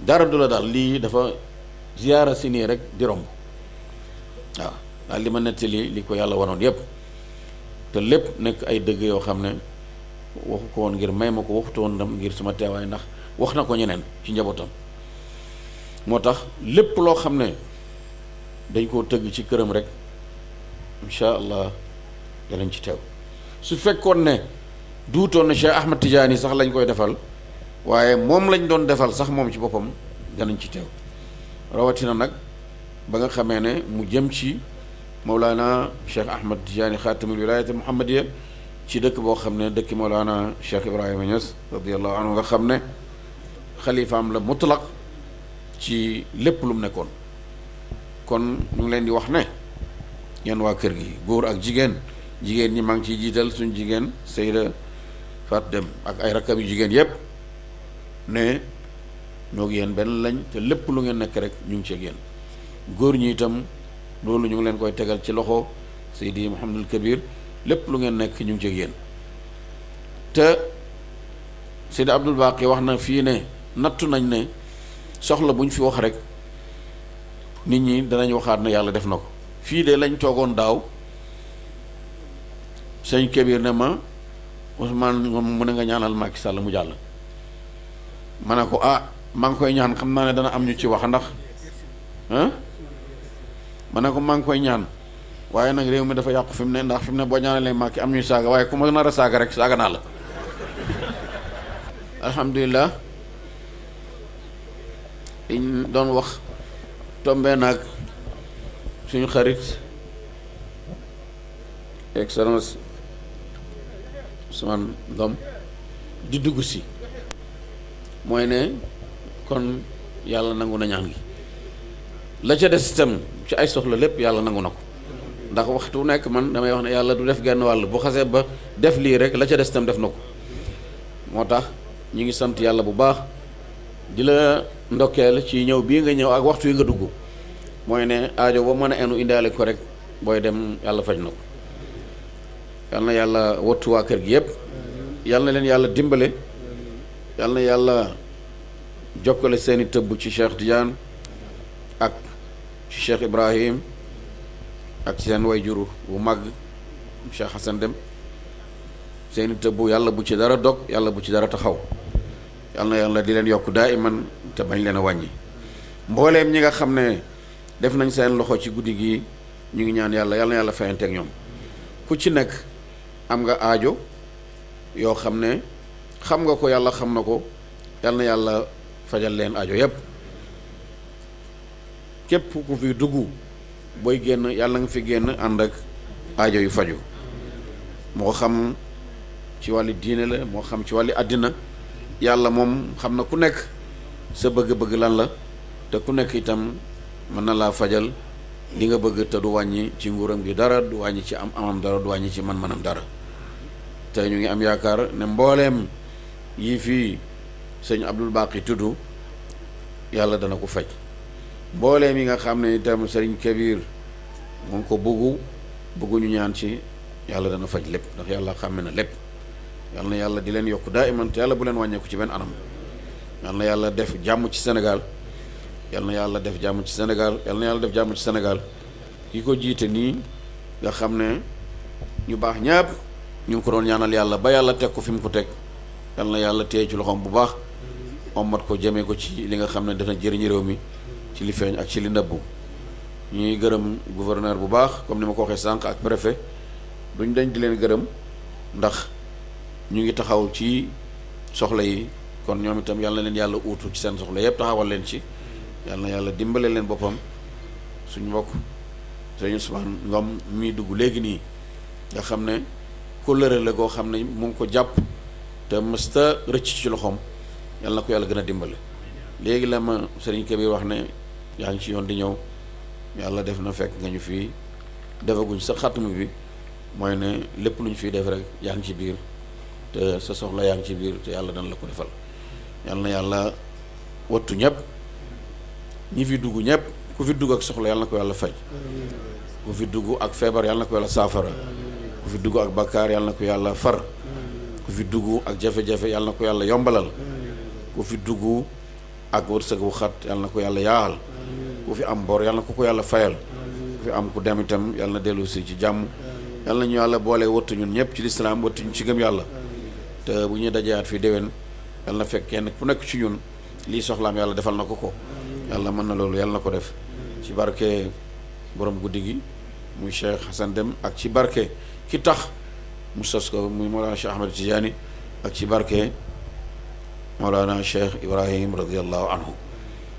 dara du la daal lii dafa ziyaara si nii rek di romb waaw daal li ma nettali li ko yàlla wanoon yépp te lépp nekk ay dëgg yoo xam ne waxu ko woon ngir may ma ko waxutu ndam ngir suma teewaay ndax wax na ko ñeneen ci njabootam moo tax lépp loo xam ne dañ koo tëgg ci këram rek incha allah danañ ci teew su fekkoon ne duutoon na Cheikh Ahmad Tidiane sax lañ koy defal waaye moom lañ doon defal sax moom ci boppam danañ ci teew rawatina nag ba nga xamee ne mu jëm ci Mawlana Cheikh Ahmad Tidiane xaatamul wilayati muhammadiya ci dëkk boo xam ne dëkk Mawlana Cheikh Ibrahima Niass radiyallahu anhu nga xam ne xalifaam la mutlaq ci lépp lu nekkoon kon ñu ngi leen di wax ne yéen waa kër gi góor ak jigéen jigéen ñi maa ngi ciy jiital suñu jigéen Seyda Fatou dem ak ay rakkam yu jigéen yépp ne ñoo ngi yéen benn lañ te lépp lu ngeen nekk rek ñu ngi ci yéen góor ñu itam loolu ñu ngi leen koy tegal ci loxo Seydi Mouhamadul Kabir lépp lu ngeen nekk ñu ngi ci yéen te Seydi Abdul Baqi wax na fii ne nattu nañ ne soxla bu ñu fi wax rek nit ñi danañ waxaat ne yàlla def na ko fii de lañ toogoon daaw sëñ Kabir ne ma Ousmane Ngom mu ne nga ñaanal màkki Sall mu jàll. ma ne ko ah maa ngi koy ñaan xam naa ne dana am ñu ci wax a ndax ma ne ko maa ngi koy ñaan waaye nag réew mi dafa yàqu fi mu ne ndax fi ne boo ñaanalee Macky am ñuy saaga waaye ku ma nar a saaga rek saaga naa la alhamdulilah liñ doon wax tombee naag suñu xarit excellence sama dom di dugg si ne kon yàlla nanguna nyangi. ñaan gi la ca des itam ci ay soxla lépp yàlla nangu ko ndax waxtu nekk man damay wax ne yàlla du def genn wàll bu xasee ba def lii rek la ca def na ko moo ngi sant yàlla bu baax di la ndokkeel ci ñëw bii nga ñëw ak waxtu yi nga dugg enu indaale ko rek booy dem yàlla faj yal na yàlla wattu waa kër gi yëpp yàlla leen yàlla dimbale yal yàlla jokkale seeni tëbb ci Cheikh Tidiane ak ci Cheikh Ibrahim ak seen way jur bu mag Cheikh Hassan Dem seeni tëbb yàlla bu ci dara dog yàlla bu ci dara taxaw yal na yàlla di leen yokk daa iman te bañ leen a wàññi mbooleem ñi nga xam ne def nañ seen loxo ci guddi gi ñu ngi ñaan yàlla yal yàlla fayanteeg ñoom ku ci nekk am nga ajo yoo xam ne xam nga ko yàlla xam na ko yal na yàlla fajal leen ajo yépp képp ku fi dugg booy génn yàlla nga fi génn ànd ak aajo yu faju moo xam ci wàllu diine la moo xam ci wàllu àddina yàlla moom xam na ku nekk sa bëgg-bëgg lan la te ku nekk itam mën na laa fajal li nga bëgg te du wàññi ci nguuram gi dara du wàññi ci am amam dara du wàññi ci man-manam dara te ñu ngi am yaakaar ne mbooleem yi fii sëñ Abdul Baqi tudd yàlla dana ko faj mbooleem yi nga xam ne itam sëriñ Kabir mu ngi ko bëggu bëgguñu ñaan ci yàlla dana faj lépp ndax yàlla xàmme na lépp yàlla na yàlla di leen yokk daa iman te yàlla bu leen wàññeeku ci benn anam yàlla na yàlla def jàmm ci senegal yàlla na yàlla def jàmm ci senegal yàlla na jàmm ci Sénégal ki ko jiite nii nga xam ne ñu baax ñaap ñu ngi ko doon ñaanal yàlla ba yàlla teg ko fi mu ko teg yal na yàlla téye ci loxoom bu baax ommat ko jëmee ko ci li nga xam ne dana jëriñ réew mi ci li feeñ ak ci li ñu ñuy gërëm gouverneur bu baax comme ni ma ko waxee sànq ak préfet duñ dañ di leen gërëm ndax ñu ngi taxaw ci soxla yi kon ñoom itam yàlla na leen yàlla uutu ci seen soxla yëpp taxawal leen ci yal yàlla dimbale leen boppam suñ mbokk sëñ Ousmane Ngom mii dugg léegi nii nga xam kóllëre la goo xam ne mu ngi ko jàpp te mësta rëcc ci loxoom yàlla na ko yàlla gën a dimbale léegi la ma sëriñ Kabir wax ne yaa ngi ci yoon di ñëw yàlla def na fekk nga ñu fii defaguñ sa xatmu bi mooy ne lépp lu ñu fiy def rek yaa ngi ci biir te sa soxla yaa ngi ci biir te yàlla dana la ko defal yàlla na yàlla wattu ñëpp ñi fi dugg ñëpp ku fi dugg ak soxla yàlla na ko yàlla faj ku fi dugg ak feebar yàlla na ko yàlla saafara ku fi dugg ak bakkaar yàlla na ko yàlla far ku fi dugg ak jafe-jafe yàlla na ko yàlla yombalal ku fi dugg ak wërsëg wu xat yàlla na ko yàlla yaaxal ku fi am bor yal na ko ko yàlla fayal ku fi am ku dem itam yàlla na dellu si ci jàmm yàlla na ñu yàlla boole wattu ñun ñëpp ci lislaam wattu ñu ci gëm yàlla te bu ñuy dajeyaat fi déwén yàlla na fekk kenn ku nekk ci ñun lii soxlaam yàlla defal na ko ko yàlla mën na loolu yàlla na ko def ci barke boroom guddi gi muy ak ci barke ki tax mu sos ko muy Mawlana Cheikh Ahmed Tidiane ak ci barke Mawlana Cheikh Ibrahim radiallahu anhu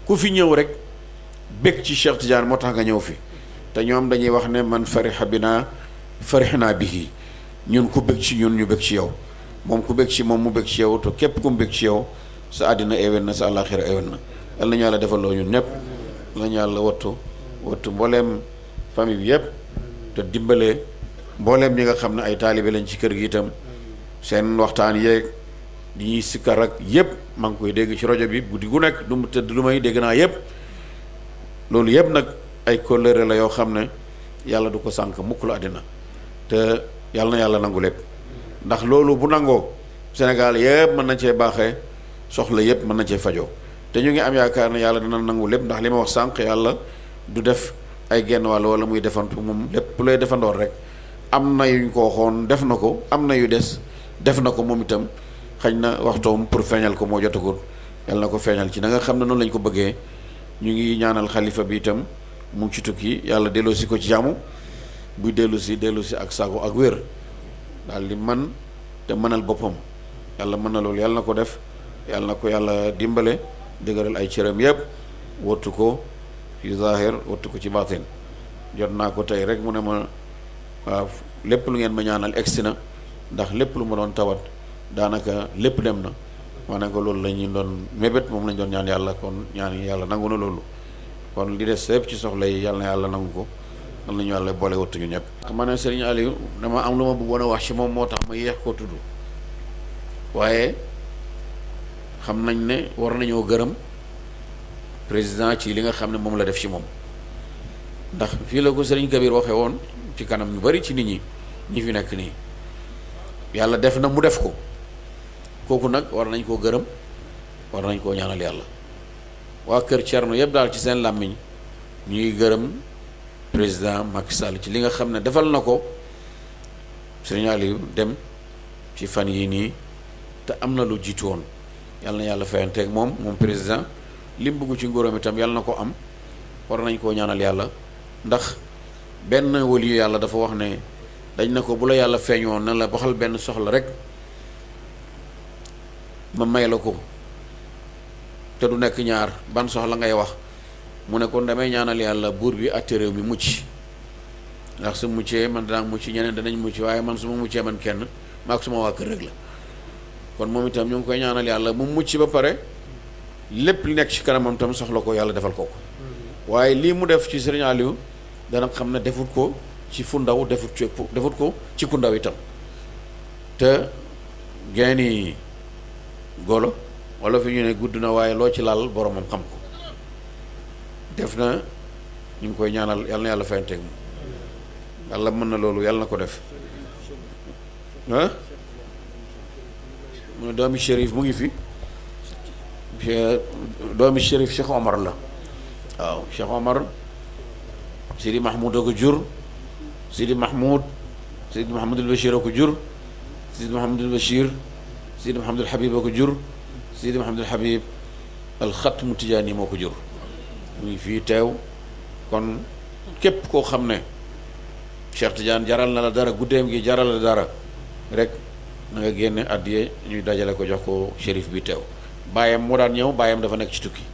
ku fi ñëw rek bég ci Cheikh Tidiane moo tax nga ñëw fi te ñoom dañuy wax ne man fariha bina farihna bihi ñun ku bég ci ñun ñu bég ci yow moom ku bég ci moom mu bég ci yow te képp ku mu ci yow sa àddina ewen na sa àllaaxira ewen na yal ñu yàlla defaloo ñun ñëpp yal ñu yàlla wattu wattu mbooleem famille bi yëpp te dimbalee mbooleem ñi nga xam ne ay taalibe lañ ci kër gi itam seen waxtaan yéeg di ñuy sikkar ak yëpp maa ngi koy dégg ci rajo bi bu di gu nekk du tëdd lu may dégg naa yëpp loolu yëpp nag ay kóllëre la yoo xam ne yàlla du ko sànk mukk la àddina te yàlla na yàlla nangu lépp ndax loolu bu nangoo Sénégal yëpp mën na cee baaxee soxla yëpp mën na cee fajoo te ñu ngi am yaakaar ne yàlla dina nangu lépp ndax li ma wax sànq yàlla du def ay genn wàll wala muy defantu moom lépp lay defandoon rek am na yuñ ko waxoon def na ko am na yu des def na ko moom itam xañ na waxtoom pour feeñal ko moo jotagul yàlla na ko feeñal ci na nga xam ne noonu lañ ko bëggee ñu ngi ñaanal xalifa bi itam mu ngi ci tukki yàlla dellu si ko ci jàmm buy dellu si dellu si ak sago ak wér daal man te mënal boppam yàlla mën na loolu yàlla na ko def yàlla na ko yàlla dimbale dëgëral ay cëram yëpp wattu ko ci zahir ci baatin jot naa ko tey rek mu ne ma waaw lépp lu ngeen ma ñaanal egsi na ndax lépp lu ma doon tawat daanaka lépp dem na wax ne ko loolu la ñu doon mébét moom lañ doon ñaan yàlla kon ñaan yàlla nangu na loolu kon li des lépp ci soxla yi yàlla na yàlla nangu ko am nañu yàlla boole wattu ñu ñëpp. ma ne Serigne Aliou am lu ma bëggoon a wax ci moom moo tax ma yéex koo tudd waaye xam nañ ne war nañoo gërëm président ci li nga xam ne moom la def ci moom ndax fii la ko Serigne Kabir waxee woon. ci kanam ñu bari ci nit ñi ñu fi nekk nii yàlla def na mu def ko kooku nag war nañ koo gërëm war nañ koo ñaanal yàlla waa kër Thierno yëpp daal ci seen làmmiñ ñuy gërëm président Macky Sall ci li nga xam ne defal na ko Serigne Aliou dem ci fan yi nii te am na lu jiitu woon yàlla na yàlla fayanteeg moom moom président li mu ci nguuram itam yàlla na ko am war nañ koo ñaanal yàlla ndax Ben wali yàlla dafa wax ne dañ na ko bu la yàlla feeñoo na la waxal ben soxla rek ma may la ko te du nekk ñaar ban soxla ngay wax mu ne kon damay ñaanal yàlla buur bi àtte réew mi mucc ndax su muccee man danaa mucc ñeneen danañ mucc waaye man su ma man kenn maag suma kër rek la kon moom itam ñu koy ñaanal yàlla mu mucc ba pare lépp li nekk ci kanamam tam soxla ko da defal ko ko mm-hmm. waaye lii mu def ci Serigne Aliou dana xam ne defut ko ci fu ndaw defut ci defut ko ci ku ndaw itam te geeni golo wala fi ñu ne gudd na waaye loo ci laal boromam xam ko def na ñu ngi koy ñaanal yàlla na yàlla fayanteeg moom yàlla mën na loolu yàlla na ko def ah mu ne doomi shérif mu ngi fi doomi shérif Cheikh Omar la waaw Cheikh Omar سيدي محمود أكو جور سيدي محمود سيدي محمود البشير أكو جور سيدي محمود البشير سيدي محمود الحبيب أكو جور سيدي محمود الحبيب الخط متجاني مو جور وي في تاو كون كيب كو خامني شيخ تجان جارال نالا دارا غوديم جي جارال نالا دارا ريك نغا ген ادي ني داجالي كو جوخو شريف بي تاو بايام مودان نيو بايام دا فا نيك سي توكي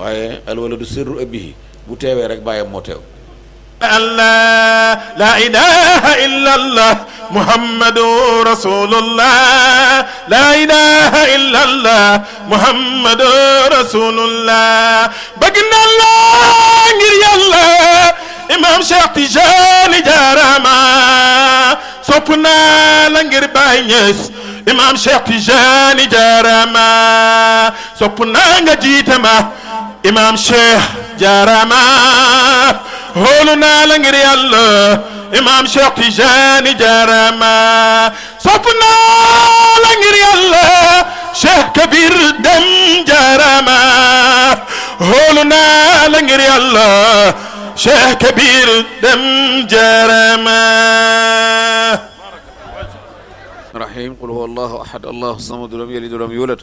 وايي الولد سر ابي بو تيوي ريك بايام مو تيوي
الله لا إله إلا الله محمد رسول الله لا إله إلا الله محمد رسول الله بقنا الله غير الله إمام شيخ تجاني جارما سوبنا لنجر باينيس إمام شيخ تجاني جارما سوبنا نجيتما imam sheikh jarama xoolu naa la ngir yàlla imam sheikh Tijani jarama sopp naa la ngir yàlla sheikh kabir dem jarama xoolu naa la ngir yàlla sheikh kabir dem jarama
rahim qul huwa allahu ahad allahu samad lam yalid wa lam yulad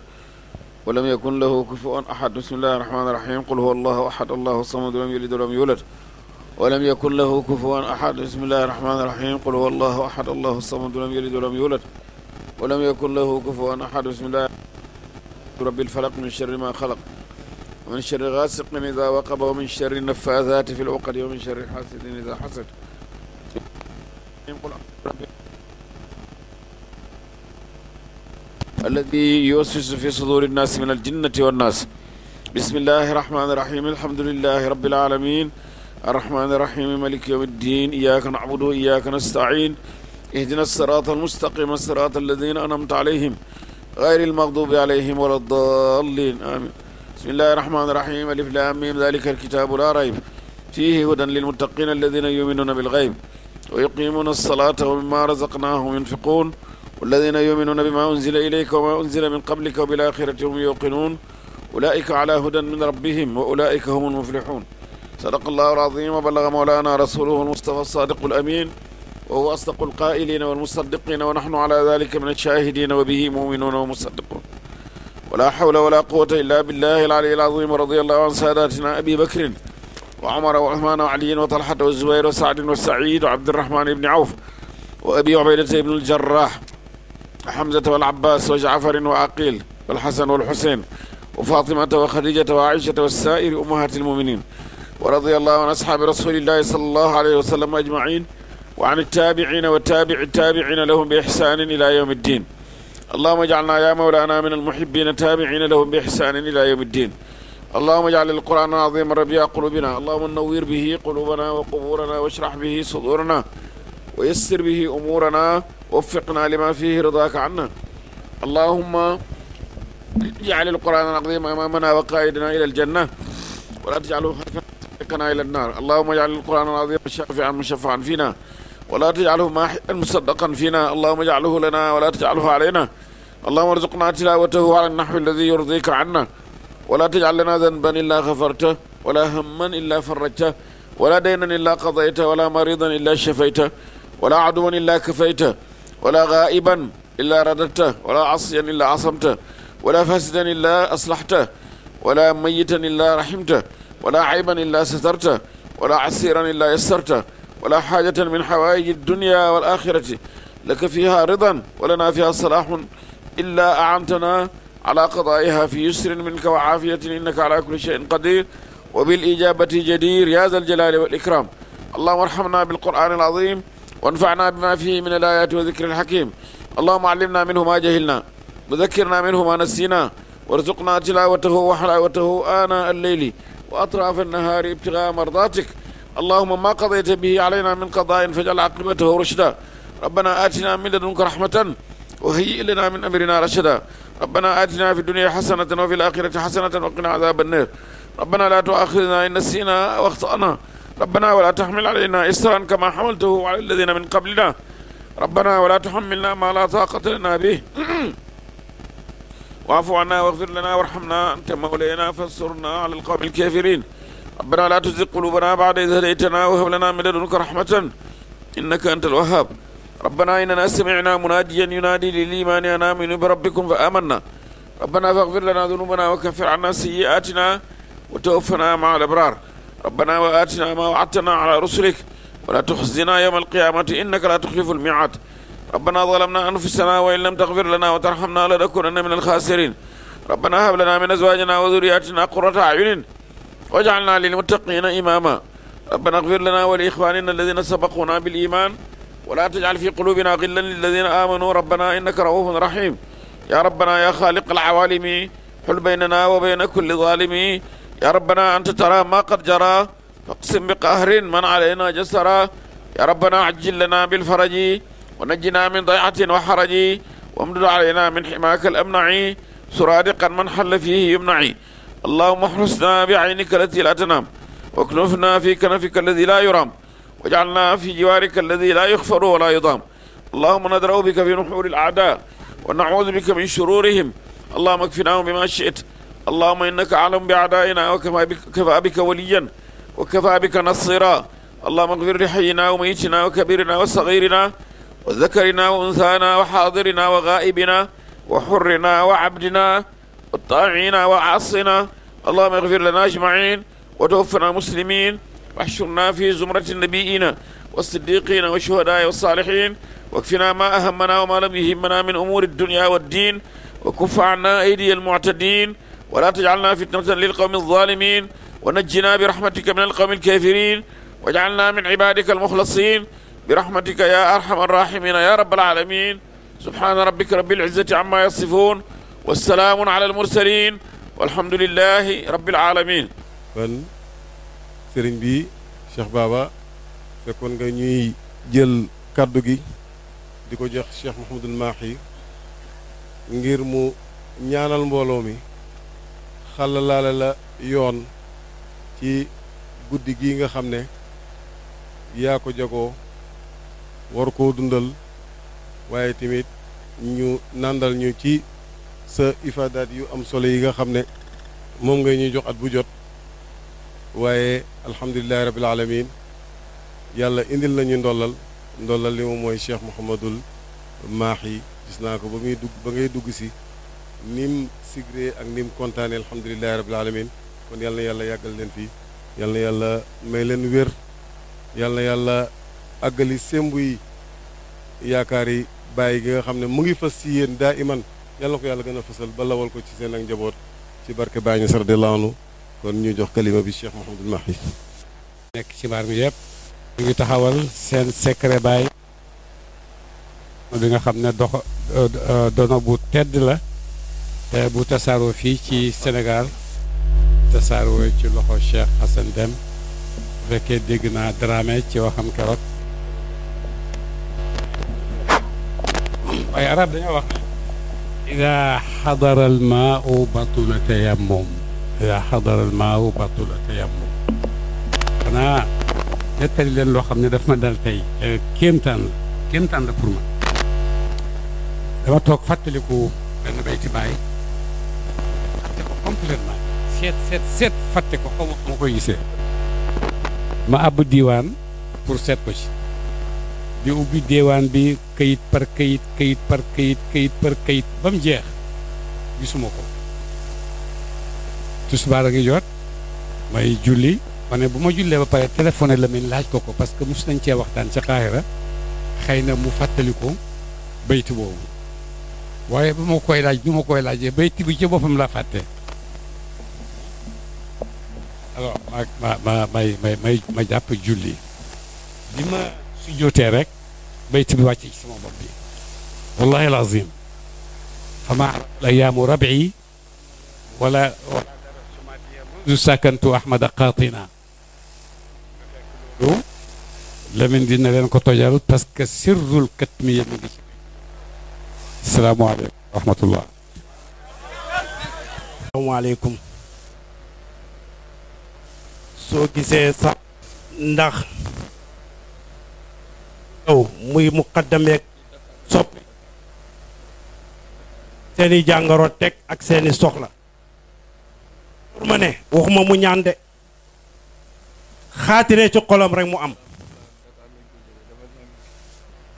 ولم يكن له كفوا أحد بسم الله الرحمن الرحيم قل هو الله أحد الله الصمد لم يلد ولم يولد ولم يكن له كفوا أحد بسم الله الرحمن الرحيم قل هو الله أحد الله الصمد لم يلد ولم يولد ولم يكن له كفوا أحد بسم الله رب الفلق من شر ما خلق ومن شر غاسق إذا وقب ومن شر النفاثات في العقد ومن شر حاسد إذا حسد قل رب الذي يوسوس في صدور الناس من الجنة والناس بسم الله الرحمن الرحيم الحمد لله رب العالمين الرحمن الرحيم ملك يوم الدين إياك نعبد وإياك نستعين اهدنا الصراط المستقيم الصراط الذين أنعمت عليهم غير المغضوب عليهم ولا الضالين آمين بسم الله الرحمن الرحيم ألف لام ميم ذلك الكتاب لا ريب فيه هدى للمتقين الذين يؤمنون بالغيب ويقيمون الصلاة ومما رزقناهم ينفقون والذين يؤمنون بما أنزل إليك وما أنزل من قبلك وبالآخرة هم يوقنون أولئك على هدى من ربهم وأولئك هم المفلحون صدق الله العظيم وبلغ مولانا رسوله المصطفى الصادق الأمين وهو أصدق القائلين والمصدقين ونحن على ذلك من الشاهدين وبه مؤمنون ومصدقون ولا حول ولا قوة إلا بالله العلي العظيم رضي الله عن ساداتنا أبي بكر وعمر وعثمان وعلي وطلحة والزبير وسعد وسعيد وعبد الرحمن بن عوف وأبي عبيدة بن الجراح حمزة والعباس وجعفر وعقيل والحسن والحسين وفاطمة وخديجة وعائشة والسائر أمهات المؤمنين ورضي الله عن أصحاب رسول الله صلى الله عليه وسلم أجمعين وعن التابعين وتابع التابعين لهم بإحسان إلى يوم الدين اللهم اجعلنا يا مولانا من المحبين تابعين لهم بإحسان إلى يوم الدين اللهم اجعل القرآن العظيم ربيع قلوبنا اللهم نوير به قلوبنا وقبورنا واشرح به صدورنا ويسر به أمورنا وفقنا لما فيه رضاك عنا اللهم اجعل القرآن العظيم أمامنا وقائدنا إلى الجنة ولا تجعله حقنا إلى النار اللهم اجعل القرآن العظيم شافعا مشفعا فينا ولا تجعله ماحيا مصدقا فينا اللهم اجعله لنا ولا تجعله علينا اللهم ارزقنا تلاوته على النحو الذي يرضيك عنا ولا تجعل لنا ذنبا إلا غفرته ولا هما إلا فرجته ولا دينا إلا قضيته ولا مريضا إلا شفيته ولا عدوا إلا كفيته ولا غائبا إلا رددته ولا عصيا إلا عصمته ولا فاسدا إلا أصلحته ولا ميتا إلا رحمته ولا عيبا إلا سترته ولا عسيرا إلا يسرته ولا حاجة من حوائج الدنيا والآخرة لك فيها رضا ولنا فيها صلاح إلا أعنتنا على قضائها في يسر منك وعافية إنك على كل شيء قدير وبالإجابة جدير يا ذا الجلال والإكرام اللهم ارحمنا بالقرآن العظيم وانفعنا بما فيه من الآيات وذكر الحكيم اللهم علمنا منه ما جهلنا وذكرنا منه ما نسينا وارزقنا تلاوته وحلاوته آناء الليل وأطراف النهار ابتغاء مرضاتك اللهم ما قضيت به علينا من قضاء فجعل عقبته رشدا ربنا آتنا من لدنك رحمة وهيئ لنا من أمرنا رشدا ربنا آتنا في الدنيا حسنة وفي الآخرة حسنة وقنا عذاب النار ربنا لا تؤاخذنا إن نسينا وأخطأنا ربنا ولا تحمل علينا إسرا كما حملته على الذين من قبلنا ربنا ولا تحملنا ما لا طاقة لنا به واعف عنا واغفر لنا وارحمنا أنت مولينا فانصرنا على القوم الكافرين ربنا لا تزغ قلوبنا بعد إذ هديتنا وهب لنا من لدنك رحمة إنك أنت الوهاب ربنا إننا سمعنا مناديا ينادي للإيمان أن آمنوا بربكم فآمنا ربنا فاغفر لنا ذنوبنا وكفر عنا سيئاتنا وتوفنا مع الأبرار ربنا وآتنا ما وعدتنا على رسلك ولا تخزنا يوم القيامة إنك لا تخلف الميعاد ربنا ظلمنا أنفسنا وإن لم تغفر لنا وترحمنا لنكونن من الخاسرين ربنا هب لنا من أزواجنا وذرياتنا قرة أعين واجعلنا للمتقين إماما ربنا اغفر لنا ولإخواننا الذين سبقونا بالإيمان ولا تجعل في قلوبنا غلا للذين آمنوا ربنا إنك رؤوف رحيم يا ربنا يا خالق العوالم حل بيننا وبين كل ظالمين يا ربنا أنت ترى ما قد جرى فاقسم بقهر من علينا جسرا يا ربنا عجل لنا بالفرج ونجنا من ضيعة وحرج وامدد علينا من حماك الأمنع سرادقا من حل فيه يمنع اللهم احرسنا بعينك التي لا تنام واكنفنا في كنفك الذي لا يرام واجعلنا في جوارك الذي لا يغفر ولا يضام اللهم ندرأ بك في نحور الأعداء ونعوذ بك من شرورهم اللهم اكفناهم بما شئت اللهم إنك أعلم بأعدائنا وكفى بك, كفى بك وليا وكفى بك نصيرا اللهم اغفر لحينا وميتنا وكبيرنا وصغيرنا وذكرنا وأنثانا وحاضرنا وغائبنا وحرنا وعبدنا والطاعين وعاصنا اللهم اغفر لنا أجمعين وتوفنا مسلمين واحشرنا في زمرة النبيين والصديقين والشهداء والصالحين واكفنا ما أهمنا وما لم يهمنا من أمور الدنيا والدين وكف عنا أيدي المعتدين ولا تجعلنا فتنة للقوم الظالمين ونجنا برحمتك من القوم الكافرين واجعلنا من عبادك المخلصين برحمتك يا أرحم الراحمين يا رب العالمين سبحان ربك رب العزة عما يصفون والسلام على المرسلين والحمد لله رب العالمين
kon سرين بي شيخ بابا فكون nga ñuy jël kàddu gi di ko jox Cheikh Mouhamadul ngir mu ñaanal mi xàllalaale la yoon ci guddi gi nga xam ne yaa ko jagoo war koo dundal waaye tamit ñu nàndal ñu ci sa ifadaat yu am solo yi nga xam ne moom ngay ñuy jox at bu jot waaye alhamdulilahi rabbil alamin yàlla indil nañu ndollal ndollal li moom mooy cheikh mouhamadul yi gis naa ko ba muy dugg ba ngay dugg si nim sigré ak nim mu kontaanee rabbil alamin kon yalla yalla yagal len fi yalla yalla may len wér yalla yalla agali àggali yi gi nga xam mu ngi fas ci yeen daiman iman ko yalla gëna fessel ba lawal ko ci sen ak njabot ci barke bañu ñes anhu kon ñu jox kalima bi Cheikh Mouhamadul Mahi
nek ci bar mi sen ñu ngi taxawal sen secret bay bi nga xam dox euh, euh, dono bu tedd la bu tasaaroo fii ci Sénégal tasaaroo ci loxo Cheikh Hassan dem bu fekkee dégg naa Dramé ci waxam keroog waaye arab dañoo wax ida xadara al maau batula tayammum ida xadara al maau batula tayammum xanaa nettali leen loo xam daf ma dal tey kéemtaan la kéemtaan pour ma dama toog fàttaliku benn bay ci complètement seet seet seet fàtte ko xaw ma koy gisee ma àbb diiwaan pour seet ko ci di ubbi diiwaan bi kayit par kayit kayit par kayit ba mu jeex gisuma ko tusbaar a ngi jot may julli ma ne bu ma jullee ba pare téléphoné la mel laaj ko ko parce que mos nañ cee waxtaan ca Qaahira xëy na mu fàttali ko baytu boobu waaye ba ma koy laaj du ma koy laajee baytu bi ca boppam laa fàtte alors ma ma ma may may may ma jàpp julli bi ma su jotee rek bayt bi wàcc ci sama bopp bi wallahi alazim fa ma ayaamu rabii wala su sàkkantu ahmada qaatina loolu lamin dina leen ko tojal parce que sirrul
katmiya mi ngi ci
asalaamaaleykum wa rahmatullah
asalaamaaleykum soo gisee sax ndax yow muy muqaddameek soppi seeni jàngoro teg ak seeni soxla pour ma ne waxuma mu ñaan de xaatire ci xolam rek mu am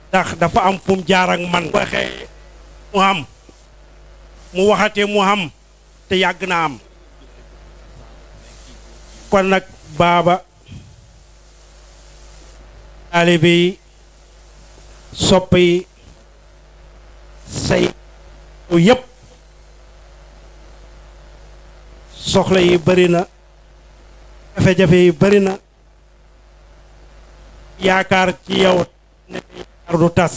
ndax dafa am fum mu jaar ak man waxee mu am mu waxatee mu am te yàgg na am kon nag baaba taalibe yi sopp yi say yépp soxla yi bari na jafe-jafe yi bari na yaakaar ci yow ne yaakaar du tas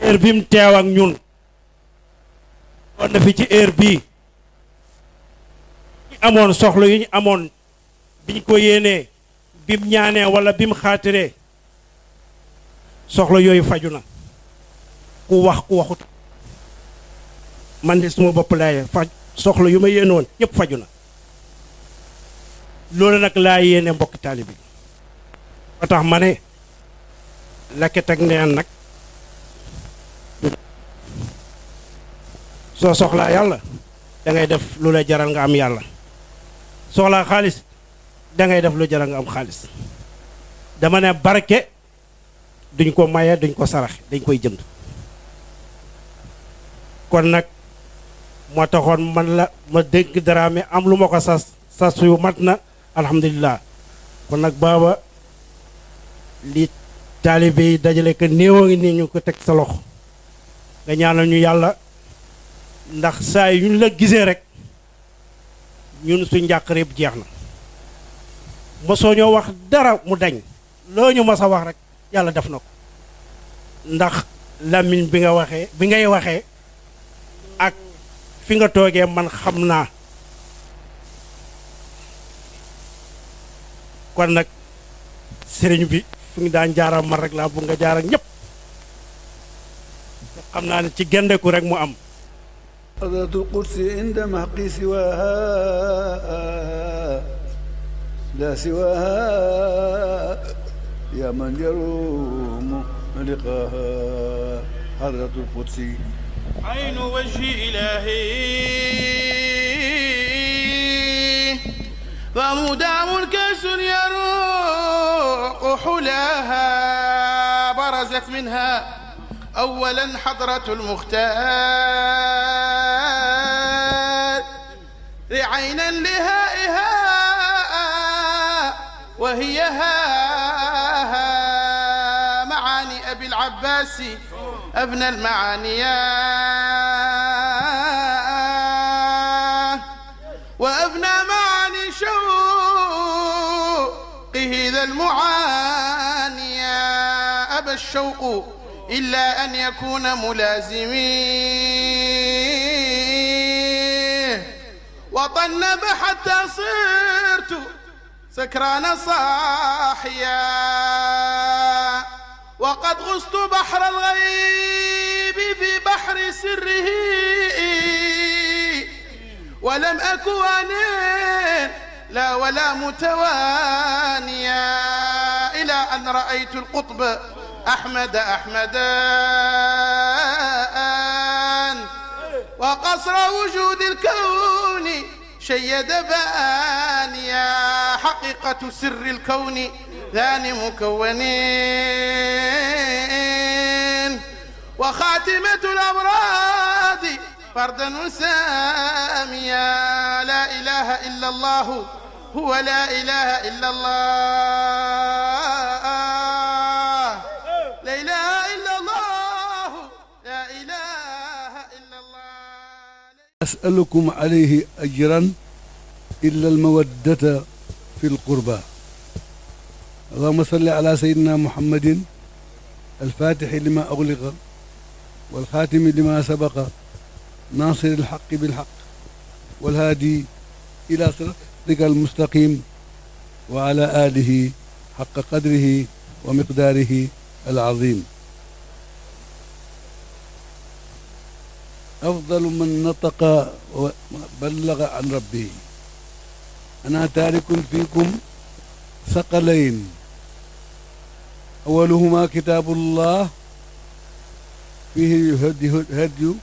teer bi mu teew ñun woon na fi ci heure bii amoon soxla yu ñu amoon biñ ko yéenee bim ñaanee wala bim xaatiree soxla yooyu faju na ku wax ku waxut man de suma bopp laay faj soxla yu ma yéenoon woon faju na loolu nag laa yéene mbokki taalibi ba tax ma ne lakket ak neen nag Sosok soxla yalla da ngay def lu la jaral nga am yalla soxla khalis da ngay def lu jaral nga am khalis dama ne barke duñ ko maye duñ ko sarax dañ koy jënd kon nak mo taxone man la ma dégg Dramé am lu mako sas sas yu matna alhamdullilah kon nak baba li talibé dajalé ke ko ni ñu ko tek sa lox nga ñaanal ñu yalla ndax saa yu ñu la gisee rek ñun su njàqare bu jeex na mosoo ñoo wax dara mu dañ loo ñu mos a wax rek yàlla def na ko ndax làmmiñ bi nga waxee bi ngay waxee ak fi nga toogee man xam naa kon nag sëriñ bi fu ngi daan jaaral man rek laa bu nga jaaral ñépp xam naa ne ci gendeku rek mu am
حضرة القدس عند محق سواها لا سواها يا من يروم لقاها حضرة القدس
عين وجه إلهي ومدام كاس يروق حلاها برزت منها أولا حضرة المختار لعين لهائها وهي ها معاني أبي العباس أبنى المعاني المعاني وأبنى معاني شوقه ذا أبى الشوق إلا أن يكون ملازمين وطنب حتى صرت سكران صاحيا وقد غصت بحر الغيب في بحر سره ولم أكوان لا ولا متوانيا إلى أن رأيت القطب أحمد أحمد, أحمد وقصر وجود الكون شيد بانيا حقيقة سر الكون ذان مكونين وخاتمة الأمراض فردا ساميا لا إله إلا الله هو لا إله إلا الله
أسألكم عليه أجرا إلا المودة في القربى اللهم صل على سيدنا محمد الفاتح لما أغلق والخاتم لما سبق ناصر الحق بالحق والهادي إلى صدق المستقيم وعلى آله حق قدره ومقداره العظيم أفضل من نطق وبلغ عن ربه أنا تارك فيكم ثقلين أولهما كتاب الله فيه هدي هدي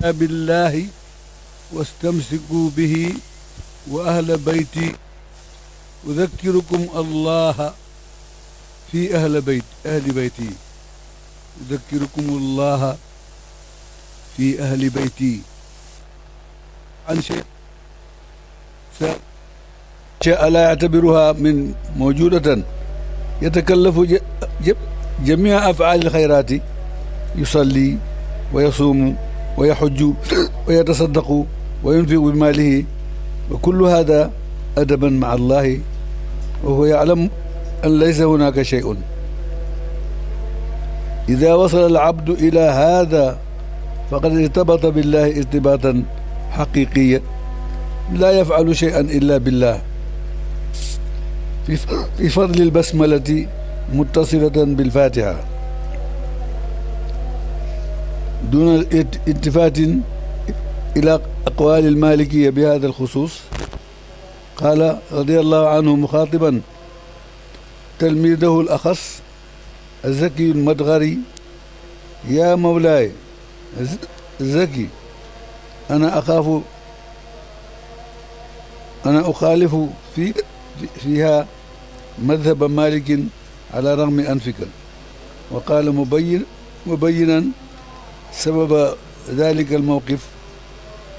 كتاب الله واستمسكوا به وأهل بيتي أذكركم الله في أهل بيت أهل بيتي أذكركم الله في أهل بيتي عن شيء شاء لا يعتبرها من موجودة يتكلف جميع أفعال الخيرات يصلي ويصوم ويحج ويتصدق وينفق بماله وكل هذا أدبا مع الله وهو يعلم أن ليس هناك شيء إذا وصل العبد إلى هذا فقد ارتبط بالله ارتباطا حقيقيا لا يفعل شيئا إلا بالله في فضل البسملة متصلة بالفاتحة دون التفات إلى أقوال المالكية بهذا الخصوص قال رضي الله عنه مخاطبا تلميذه الأخص زكي المدغري يا مولاي زكي أنا أخاف أنا أخالف في فيها مذهب مالك على رغم أنفك وقال مبين مبينا سبب ذلك الموقف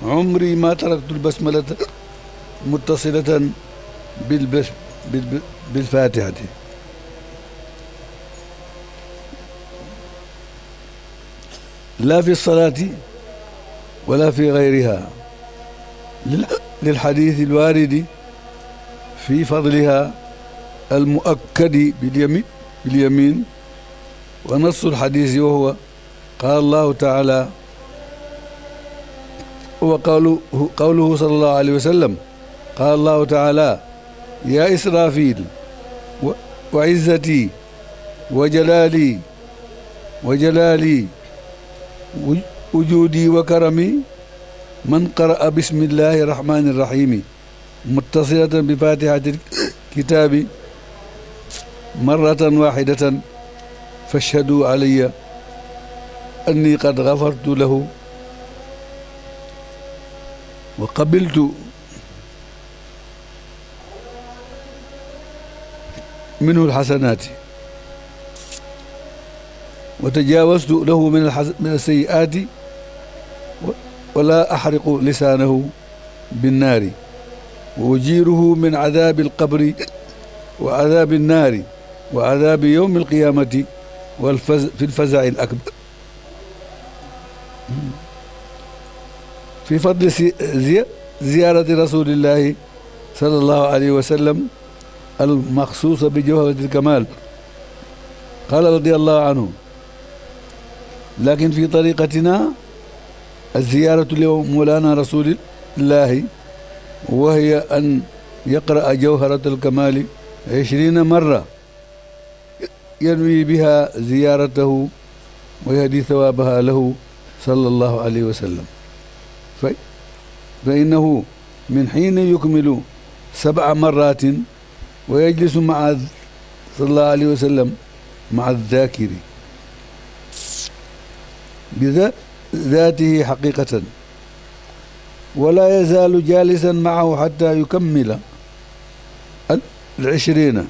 عمري ما تركت البسملة متصلة بالفاتحة لا في الصلاة ولا في غيرها للحديث الوارد في فضلها المؤكد باليمين باليمين ونص الحديث وهو قال الله تعالى وقوله قوله صلى الله عليه وسلم قال الله تعالى يا إسرافيل وعزتي وجلالي وجلالي وجودي وكرمي من قرأ بسم الله الرحمن الرحيم متصلة بفاتحة الكتاب مرة واحدة فاشهدوا علي أني قد غفرت له وقبلت منه الحسنات وتجاوزت له من من السيئات ولا أحرق لسانه بالنار وأجيره من عذاب القبر وعذاب النار وعذاب يوم القيامة والفز في الفزع الأكبر في فضل زي زيارة رسول الله صلى الله عليه وسلم المخصوصة بجوهرة الكمال قال رضي الله عنه لكن في طريقتنا الزيارة لمولانا رسول الله وهي أن يقرأ جوهرة الكمال عشرين مرة ينوي بها زيارته ويهدي ثوابها له صلى الله عليه وسلم فإنه من حين يكمل سبع مرات ويجلس مع صلى الله عليه وسلم مع الذاكر بذاته حقيقة ولا يزال جالسا معه حتى يكمل العشرين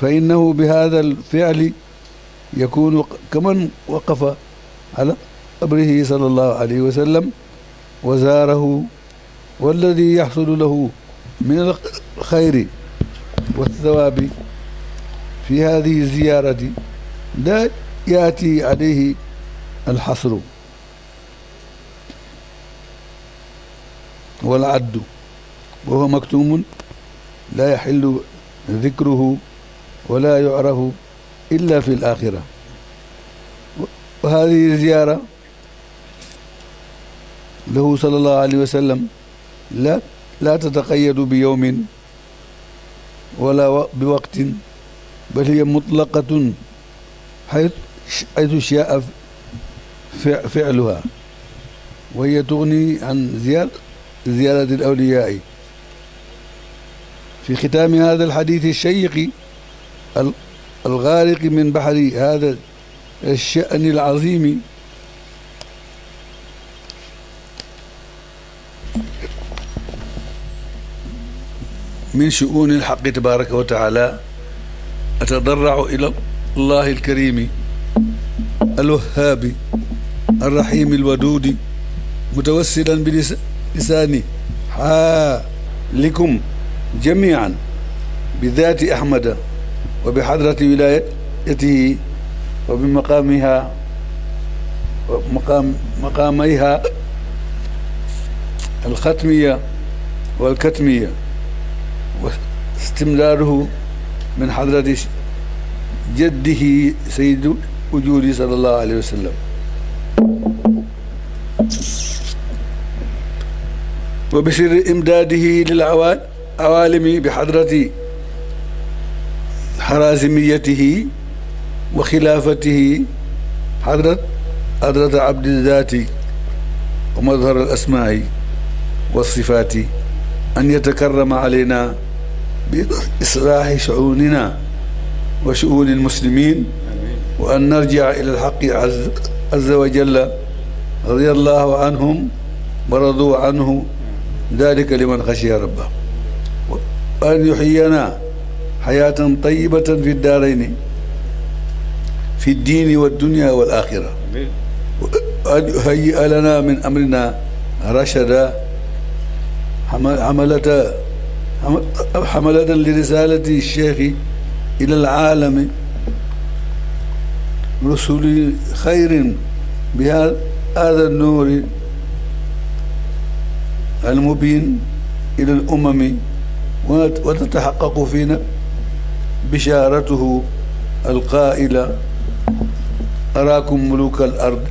فإنه بهذا الفعل يكون كمن وقف على قبره صلى الله عليه وسلم وزاره والذي يحصل له من الخير والثواب في هذه الزيارة لا يأتي عليه الحصر والعد وهو مكتوم لا يحل ذكره ولا يعرف إلا في الآخرة وهذه الزيارة له صلى الله عليه وسلم لا لا تتقيد بيوم ولا بوقت بل هي مطلقة حيث حيث شاء فعلها وهي تغني عن زيارة, زيارة الأولياء في ختام هذا الحديث الشيق الغارق من بحر هذا الشأن العظيم من شؤون الحق تبارك وتعالى أتضرع إلى الله الكريم الوهاب الرحيم الودود متوسلا بلساني حالكم جميعا بذات أحمد وبحضرة ولايته وبمقامها مقام مقاميها الختمية والكتمية واستمراره من حضرة جده سيد وجودي صلى الله عليه وسلم وبسر إمداده للعوالم بحضرة حرازميته وخلافته حضرة حضرة عبد الذات ومظهر الأسماء والصفات أن يتكرم علينا بإصلاح شؤوننا وشؤون المسلمين وأن نرجع إلى الحق عز عز وجل رضي الله عنهم ورضوا عنه ذلك لمن خشي ربه وأن يحيينا حياة طيبة في الدارين في الدين والدنيا والآخرة وأن يهيئ لنا من أمرنا رشدا حملة حملة لرسالة الشيخ إلى العالم رسل خير بهذا النور المبين إلى الأمم وتتحقق فينا بشارته القائلة أراكم ملوك الأرض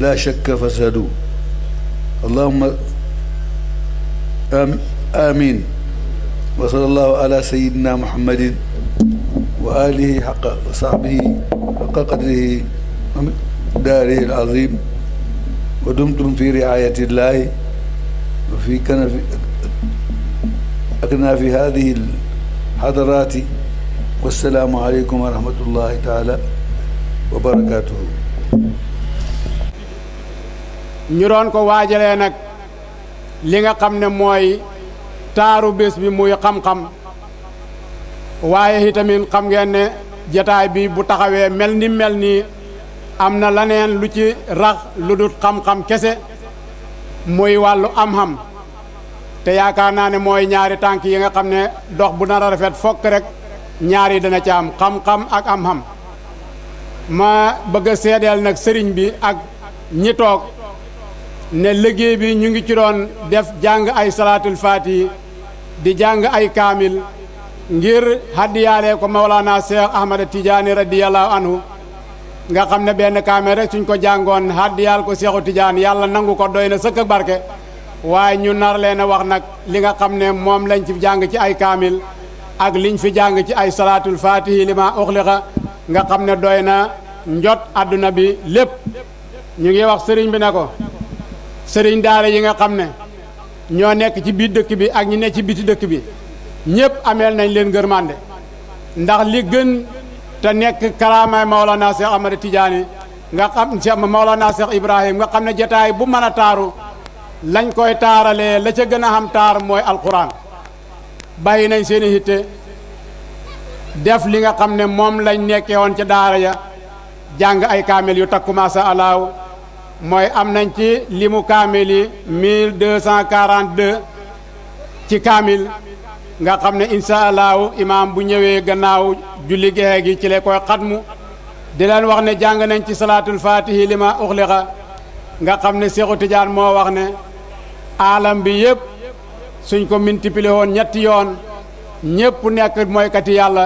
لا شك فسدوا اللهم آمين وصلى الله على سيدنا محمد وآله حق وصحبه حق داره العظيم ودمتم في رعاية الله وفي كنف أكناف هذه الحضرات والسلام عليكم ورحمة الله تعالى وبركاته نيران كو واجلينك لنغا nag
li تارو بس بموي قم قم وايه تمين قم جنة jataay bi bu taxawee mel ni mel nii am na leneen lu ci rax lu dul xam-xam kese muy wàllu am-xam te yaakaar naa ne mooy ñaari tànk yi nga xam ne dox bu nar a rafet fokk rek ñaari dana ci am xam-xam ak am-xam ma bëgg a seedeel nag sëriñ bi ak ñi toog ne liggéey bi ñu ngi ci doon def jàng ay salaatul faati di jàng ay kaamil ngir haddiyaalee ko Mawlana Cheikh Ahmad Tidiane radiyallahu anhu nga xam ne benn kaamel rek suñ ko jàngoon haddiyaal ko Cheikhu Tidiane yàlla nangu ko doy na sëkk ak barke waaye ñu nar leen a wax nag li nga xam ne moom lañ ci jàng ci ay kaamil ak liñ fi jàng ci ay salaatul fatihi lima uxliqa nga xam ne doy na njot adduna bi lépp ñu ngi wax sëriñ bi ne ko sëriñ daara yi nga xam ne ñoo nekk ci biir dëkk bi ak ñi ne ci biti dëkk bi ñépp ameel nañ leen ngërmande ndax li gën te nekk karaamaay Maolana Cheikh Ahmad Tidiane nga xam Cheikh Maolana Cheikh Ibrahim nga xam ne jataay bu mën a taaru lañ koy taaralee la ca gën a xam taar mooy alquran bàyyi nañ seen i def li nga xam ne moom lañ nekkee woon ca daara ya jàng ay kaamil yu takku maasa alaaw mooy am nañ ci limu kaamil yi mille deux cent quarante deux ci kaamil nga xam ne incha allahu imaam bu ñëwee gannaaw julli gexe gi ci la koy xatmu di leen wax ne jàng nañ ci salaatul faatihi li ma uxliqa nga xam ne Seexu Tijaan moo wax ne aalam bi yëpp suñ ko multiplié woon ñetti yoon ñëpp nekk mooykati yàlla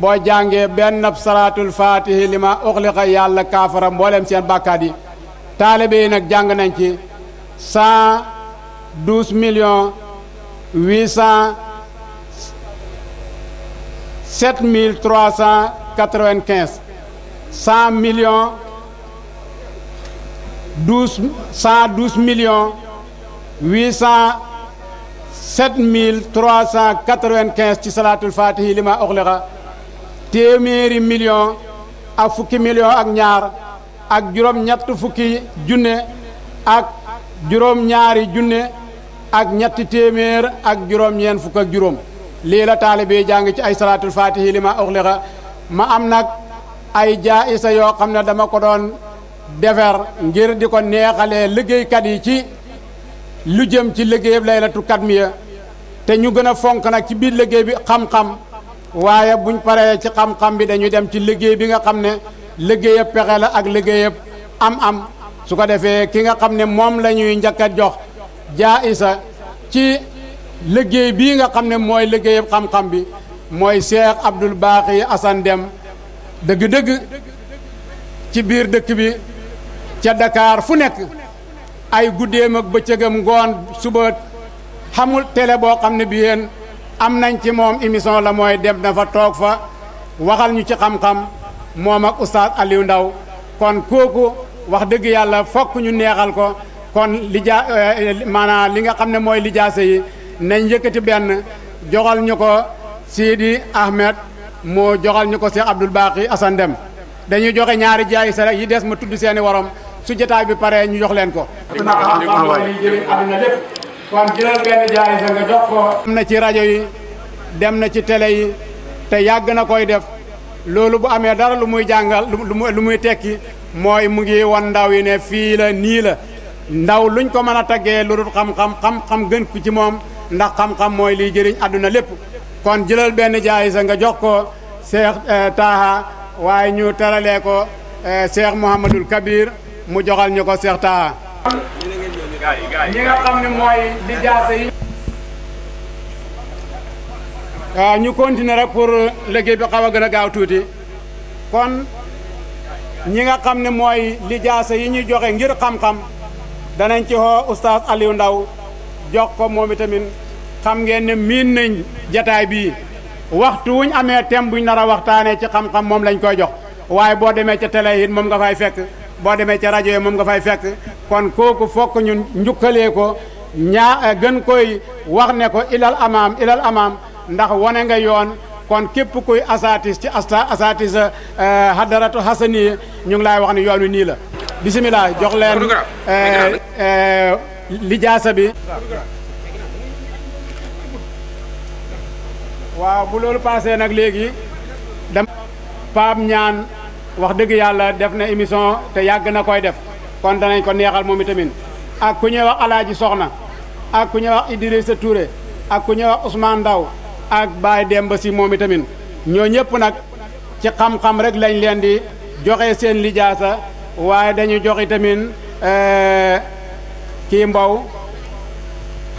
boo jàngee benn salaatul faatihi li ma uxliqa yàlla kaafara mboolem seen bàkkaat yi taalibe yi nag jàng nañ ci cent douze millions huit cent sept mille trois cent quatre-vingt-quinze cent millions douze cent douze millions huit cent ci salaatul faatihi li ma oxlixa téeméeri million ak fukki million ak ñaar ak juróom ñett fukki junne ak juróom ñaari junne ak ñetti téeméer ak juróom ñeen fukk juróom lii la taalibe jàng ci ay salaatul faatihi li ma uxliqa ma am nag ay jaayisa yoo xam ne dama ko doon defer ngir di ko neexalee liggéeykat yi ci lu jëm ci liggéeyab laylatu katmiya te ñu gën a fonk nag ci biir liggéey bi xam-xam waaye buñ paree ci xam-xam bi dañu dem ci liggéey bi nga xam ne liggéeyab pexe ak liggéeyab am-am su ko defee ki nga xam ne moom la ñuy njëkk a jox jaayisa ci liggéey bii nga xam ne mooy liggéeyu xam-xam bi mooy Cheikh Abdoul Baqi Assane Dème dëgg-dëgg ci biir dëkk bi ca dakaar fu nekk ay guddeem ak bëccëgam ngoon suba xamul télé boo xam ne bi yéen am nañ ci moom émission la mooy dem na fa toog fa waxal ñu ci xam-xam moom ak oustaz Ndaw kon kooku wax dëgg yàlla fokk ñu neexal ko kon lija eh, maanaam li nga xam ne mooy lijaase yi nañ yëkkati benn joxal ñu ko Sidi Ahmed moo joxal ñu ko Cheikh Abdoul Baqi Assane Deme dañuy joxe ñaari jaay sa yi des ma tudd seeni warom su jotaay bi paree ñu jox leen ko. naka am nañu jëlee àdduna lépp sa nga na ci rajo yi dem na ci télé yi te yàgg na koy def loolu bu amee dara lu muy jàngal lu muy tekki mooy mu ngi wan ndaw yi ne fii la nii la ndaw luñ ko mën a taggee lu dul xam-xam xam gën ku ci moom. ndax xam-xam mooy liy jëriñ àdduna lépp kon jëlal benn jaay nga jox ko Cheikh eh, waaye ñu teralee ko eh, Cheikh Mouhamadul Kabir mu joxal ñu ko Cheikh Taha ñi yi ah, ñu continuer rek pour liggéey bi xaw a gën a gaaw tuuti kon ñi nga xam ne mooy lijaasa yi ñuy joxe ngir xam-xam danañ ci xoo oustaz Aliou Ndaw jox ko moom tamit xam ngeen ne miin nañ jataay bii waxtu wuñ amee thème buñ nar a waxtaanee ci xam-xam moom lañ koy jox waaye boo demee ca tele it moom nga fay fekk boo demee ca rajo yi moom nga fay fekk kon kooku fokk ñun njukkalee ko ñaa eh, gën koy wax ne ko ilal amaam ilal amaam ndax wane nga yoon kon képp koy asaatis ci asta asaatis eh, hadaratu hasani ñu ngi laay wax ne yoon wi nii la bisimilah jox leen lijaasa bi waaw bu loolu paasee nag léegi dama paam ñaan wax dëgg yàlla def na émission te yàgg na koy def kon danañ ko neexal moom tamit ak ku ñuy wax alaaji soxna ak ku ñuy wax Idrissa Touré ak ku ñuy wax Ousmane Ndaw ak Baye Demba si moom itamit ñoo ñëpp nag ci xam-xam rek lañ leen di joxe seen lijaasa waaye dañu jox itamit euh, kii mbow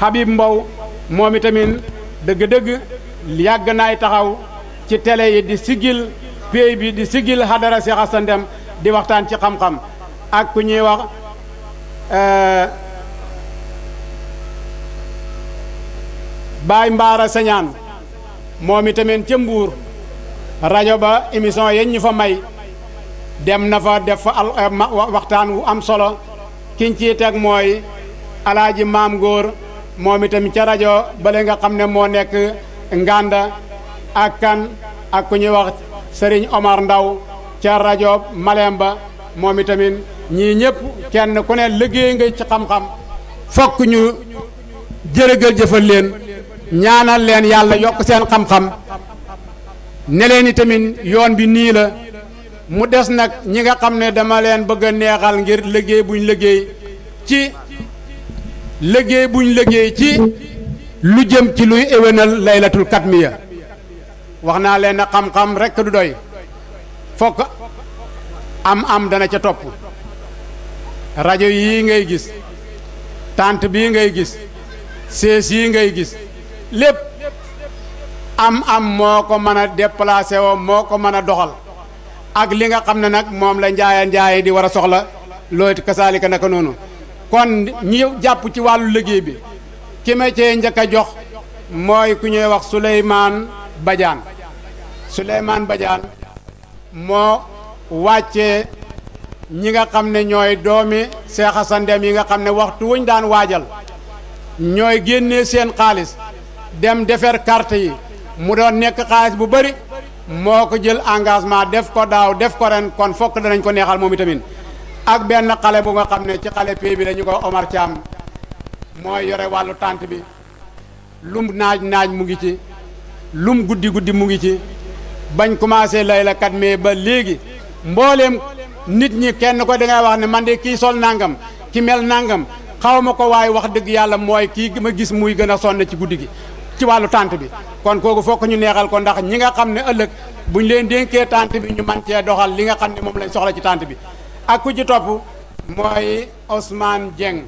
Habib mbow moom itamit dëgg-dëgg yàgg naay taxaw ci télé yi di sigil pey bi di sigil xadara Cheikh Assane Deme di waxtaan ci xam-xam ak ku ñuy wax euh, Baay Mbaara Sañaan moom tamit ca Mbuur rajo ba émission yeñ ñu fa may dem na fa def fa al euh, waxtaan wu am solo kiñ ciy teg mooy alaaji maam góor moom itamit ca rajo bale nga xam ne moo nekk ngànda ak kan ak ku ñuy wax sëriñ Omar Ndaw ca rajo ba moom itamit ñii ñëpp kenn ku ne liggéey nga ci xam-xam fokk ñu jërëgal jëfal leen ñaanal leen yàlla yokk seen xam-xam ne leen itamit yoon bi nii la mu des nag ñi nga xam ne dama leen bëgg a neexal ngir liggéey buñ liggéey ci liggéey buñ liggéey ci lu jëm ci luy éwénal laylatul katmiya wax naa leen na xam-xam rekk du doy fokk am-am dana ca topp rajo yii ngay gis tànt bii ngay gis sées yii ngay gis lépp am-am moo ko mën a déplacé woo moo ko mën a doxal ak li nga xam ne nag moom la njaaya njaaye di war a soxla looy kasaalika naka noonu kon ñi jàpp ci wàllu liggéey bi ki cee njëkk a jox mooy ku ñuy wax Souleymane Badiane Souleymane Badiane moo wàcce ñi nga xam ne ñooy doomi Cheikh Assane yi nga xam ne waxtu wuñ daan waajal ñooy génnee seen xaalis dem defar carte yi mu doon nekk xaalis bu bëri moo ko jël engagement def ko daaw def ko ren kon fokk danañ ko neexal moom itamit ak benn xale bu nga xam ne ci xale pay bi dañu ko Omar Thiam mooy yore wàllu tànt bi lum naaj naaj mu ngi ci lum guddi guddi mu ngi ci bañ commencé lay la kat mais ba léegi mbooleem nit ñi kenn ko da ngay wax ne man de kii sol nangam ki mel nangam xaw ma ko waaye wax dëgg yàlla mooy kii ma gis muy gën a sonn ci guddi gi ci wàllu tànt bi kon kooku fokk ñu neexal ko ndax ñi nga xam ne ëllëg bu buñ leen dénkee tànt bi ñu man cee doxal li nga xam ne moom lañ soxla ci tànt bi ak ku ci topp mooy Ousmane Dieng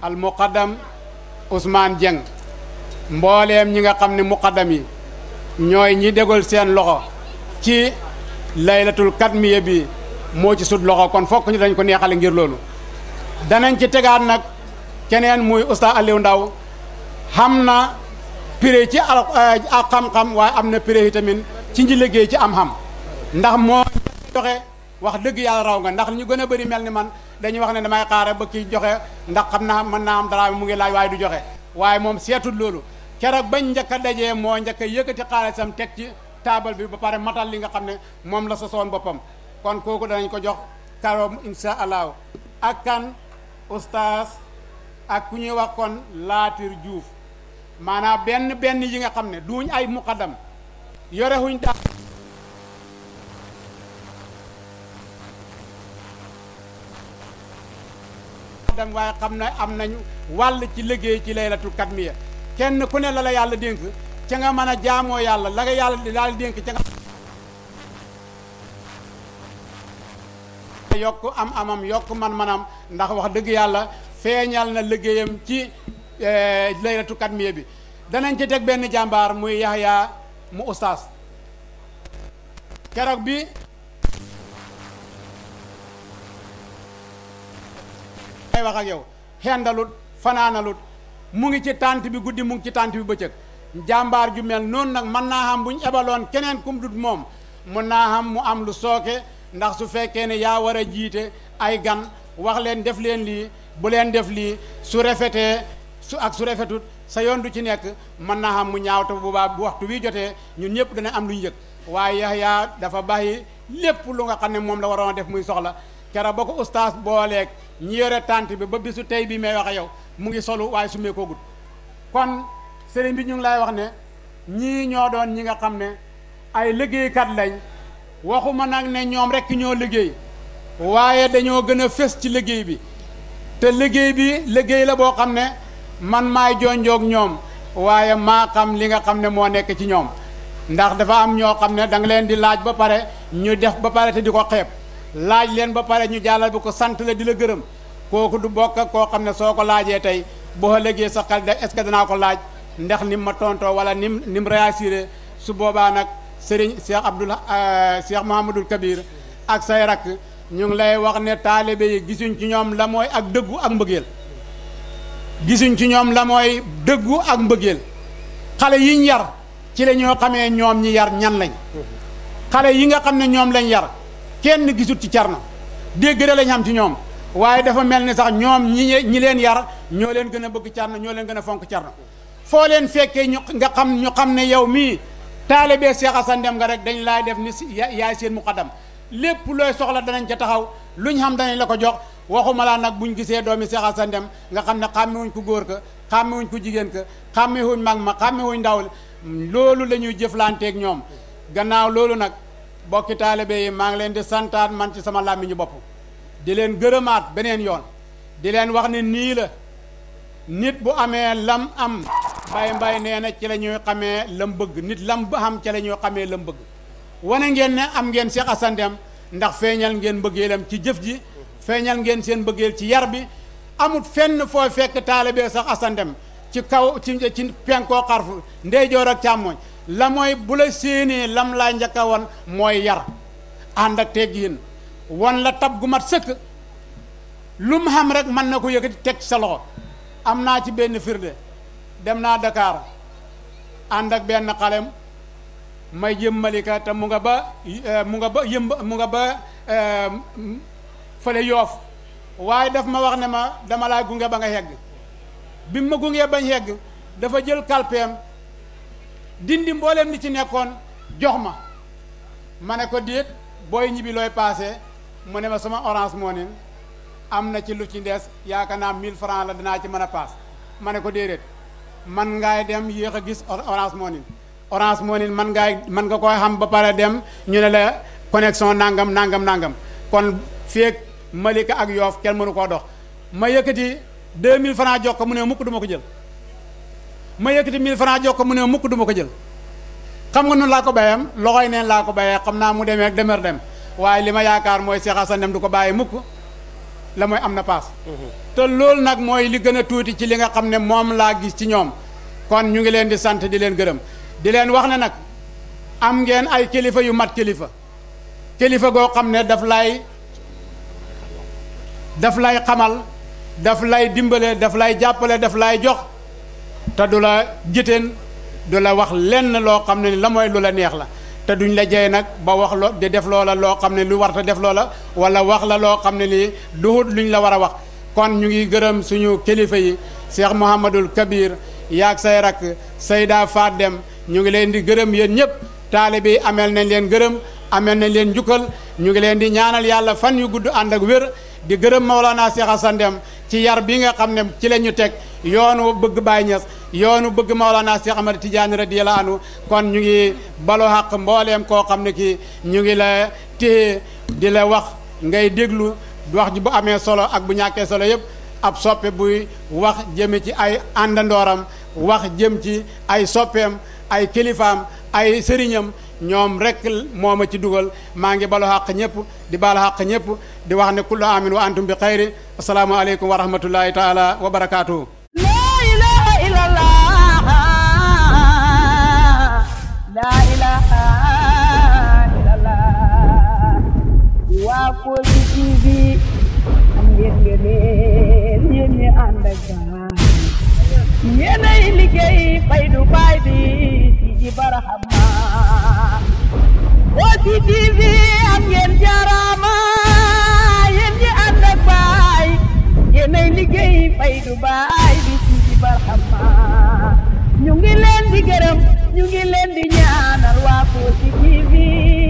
al muqaddam Ousmane Dieng mbooleem ñi nga xam ne muqaddam yi ñooy ñi dégol seen loxo ci laylatul katmiya bi moo ci sut loxo kon fokk ñu dañ ko neexale ngir loolu danañ ci tegaat nag keneen muy Oustaz Aliou Ndaw xam na prix ci euh, ak xam waaye am na prix yi tamit ci ñi liggéey ci am xam ndax moo joxe wax dëgg yàlla raw nga ndax ñu gën a bëri mel ni man dañuy wax ne damay xaar ba kii joxe ndax xam naa mën naa am dara mu ngi laaj waaye du joxe waaye moom seetul loolu keroog bañ njëkk a dajee moo njëkk a yëkkati xaalisam teg ci taabal bi ba pare matal li nga xam ne moom la sosoon boppam kon kooku danañ ko jox karoom insha allahu ak kan oustaz ak ku ñuy wax kon laatir juuf maanaam benn benn yi nga xam ne duñ ay muqaddam yorewuñ daal xaddan waaye xam na am nañu wàll ci liggéey ci laylatul katmiya kenn ku ne la la yàlla dénk ca nga mën a jaamoo yàlla la nga yàlla daal dénk ca nga yokk am amam yokk man-manam ndax wax dëgg yàlla feeñal na liggéeyam ci eh, laylatu katmiya bi danañ ci teg benn jàmbaar muy yaxyaa mu ustaas keroog bi may wax yow xendalut fanaanalut mu ngi ci tànt bi guddi mu ngi ci tànt bi bëccëg jàmbaar ju mel noonu nag mën naa xam bu ñu ebaloon keneen kum moom mun naa xam mu am lu sooke ndax su fekkee ne yaa war a jiite ay gan wax leen def leen lii bu leen def lii su rafetee su ak su rafetut sa yoon du ci nekk mën naa xam mu ñaaw bu baa bu waxtu wi jotee ñun ñëpp dana am lu ñu yëg waaye Yaxya dafa bàyyi lépp lu nga xam ne moom la waroon a def muy soxla kera ba ko ustaas booleeg ñi yore tànt bi ba bisu tey bi may wax yow mu ngi solu waay su mee koo gut kon sëriñ bi ñu ngi lay wax ne ñii ñoo doon ñi nga xam ne ay liggéeykat lañ waxuma nag ne ñoom rekk ñoo liggéey waaye dañoo gën a fés ci liggéey bi te liggéey bi liggéey la boo xam ne man maay jonjoog ñoom waaye maa xam li nga xam ne moo nekk ci ñoom ndax dafa am ñoo xam ne danga leen di laaj ba pare ñu def ba pare te di ko xeeb laaj leen ba pare ñu jàllal bi ko sant la di la gërëm kooku du bokk ak koo xam ne soo ko laajee tey boo léegi sa xel de est ce que danaa ko laaj ndax nim ma tontoo wala nim ni mu réassuré su boobaa nag Serigne Cheikh Abdoul euh, Cheikh Mouhamadul Kabir ak say rakk ñu ngi lay wax ne taalibe yi gisuñ ci ñoom la mooy ak dëggu ak mbëggeel gisuñ ci ñoom la mooy dëggu ak mbëggeel xale yiñ yar ci la xamee ñoom ñi yar ñan lañ xale yi nga xam ne ñoom lañ yar kenn gisut ci Cerno dégg da lañ xam ci ñoom waaye dafa mel ni sax ñoom ñi ñi leen yar ñoo leen gën a bëgg Cerno ñoo leen gën a fonk Cerno foo leen fekkee ñu nga xam ñu xam ne yow mii taalibee Seex Asan Dem nga rek dañ laay def ni yaay seen muqaddam lépp looy soxla danañ ca taxaw luñ xam danañ la ko jox waxuma laa nag buñ gisee doomi Seex Asan Dem nga xam ne xàmmewuñ ko góor ka xàmmewuñ ko jigéen ka xàmmewuñ mag ma xàmmewuñ ndaw loolu la ñuy jëflanteeg ñoom gannaaw loolu nag bokki taalibe yi maa ngi leen di santaan man ci sama làmmiñu bopp di leen gërëmaat beneen yoon di leen wax ne nii la nit bu amee lam am mbay mbay nee na ci la ñuy xamee lam bëgg nit lam ba am ci la ñuy xamee lam bëgg wane ngeen ne am ngeen Cheikh Assane Dème ndax feeñal ngeen mbëggeelam ci jëf ji feeñal ngeen seen mbëggeel ci yar bi amut fenn foo fekk taalibe sax Assane Dème ci kaw ci ci penkoo xarfu ndeyjoor ak càmmooñ la mooy bu la séenee lam laa njëkk a mooy yar ànd ak teggin wan la tab gu mat sëkk lu mu rek mën na ko yëkkati teg sa loxo am naa ci benn firnde dem naa Dakar ànd ak benn xalem may jëm te mu nga ba eh, mu nga ba yëmb mu nga ba eh, fële yoof waaye daf ma wax ne ma dama laa gunge ba nga yegg bi mu ma gungee bañ yegg dafa jël kalpeem dindi mbooleem li ci nekkoon jox ma ma ne ko déet booy ñibbi looy paase mu ne ma sama orange moo nin am na ci lu ci des yaakaar naa 1000 francs la danaa ci mën a paas ma ne ko déedéet man ngaay dem yéex a gis orange moo orange moo nin man ngaay man nga koy xam ba pare dem ñu ne la connexion nangam nangam nangam kon feeg Malika ak Yoof kenn mënu koo dox ma yëkkati 2000 francs jox ko mu ne mukk duma ko jël ma yëkkati 1000 francs jox ko mu ne mukk du ma ko jël xam nga noonu laa ko bayam loxooy neen laa ko bayee xam naa mu demee ak demer dem waaye li ma yaakaar mooy Cheikh Assane dem du ko bàyyi mukk la mooy am na paas mhm. te loolu nag mooy li gën a tuuti ci li nga xam ne moom laa gis ci ñoom kon ñu ngi leen di sant di leen gërëm di leen wax ne nag am ngeen ay kilifa yu mat kilifa kélifa goo xam ne daf lay daf lay xamal daf lay dimbale daf lay jàppale daf lay jox te du la jiteen du la wax lenn loo xam ne la mooy lu la neex la te duñ la jey nag ba wax loo di def loola loo xam ne lu warta def la wala wax la loo xam ne lii duhut luñ la war a wax kon ñu ngi gërëm suñu kilifa yi Cheikh Mouhamadul Kabir yaag say rakk Sayda Faat Dem ñu ngi leen di gërëm yéen ñëpp taalibe yi ameel nañ leen gërëm ameel nañ leen njukkal ñu ngi leen di ñaanal yàlla fan yu gudd ànd ak wér di gërëm Maolana Cheikh Assane Deme ci yar bii nga xam ne ci la ñu teg yoonu bëgg Baye Niass yoonu bëgg Maolana Cheikh Ahmad di radiyallahu anhu kon ñu ngi balo xaq mbooleem koo xam ne kii ñu ngi la téye di la wax ngay déglu wax ji bu amee solo ak bu ñàkkee solo yëpp ab soppe buy wax jëme ci ay àndandooram wax jëm ci ay soppeem ay kilifaam ay sëriñam ñoom rek moo ci dugal maa ngi balu xàq ñëpp di baal xàq ñëpp di wax ne kullu amin wa antum bi xayri asalaamu aleykum wa rahmatullahi taala wa barakaatu. laa
ilaha illallah laa ilaha illallah waa Kossy TV ngeen
ci barahama
Kossy TV am ngeen jarama yéen baay yéenay liggéey fay du baay bi ci barahama ñu ngi leen di gërëm ñu ngi leen di ñaanal waa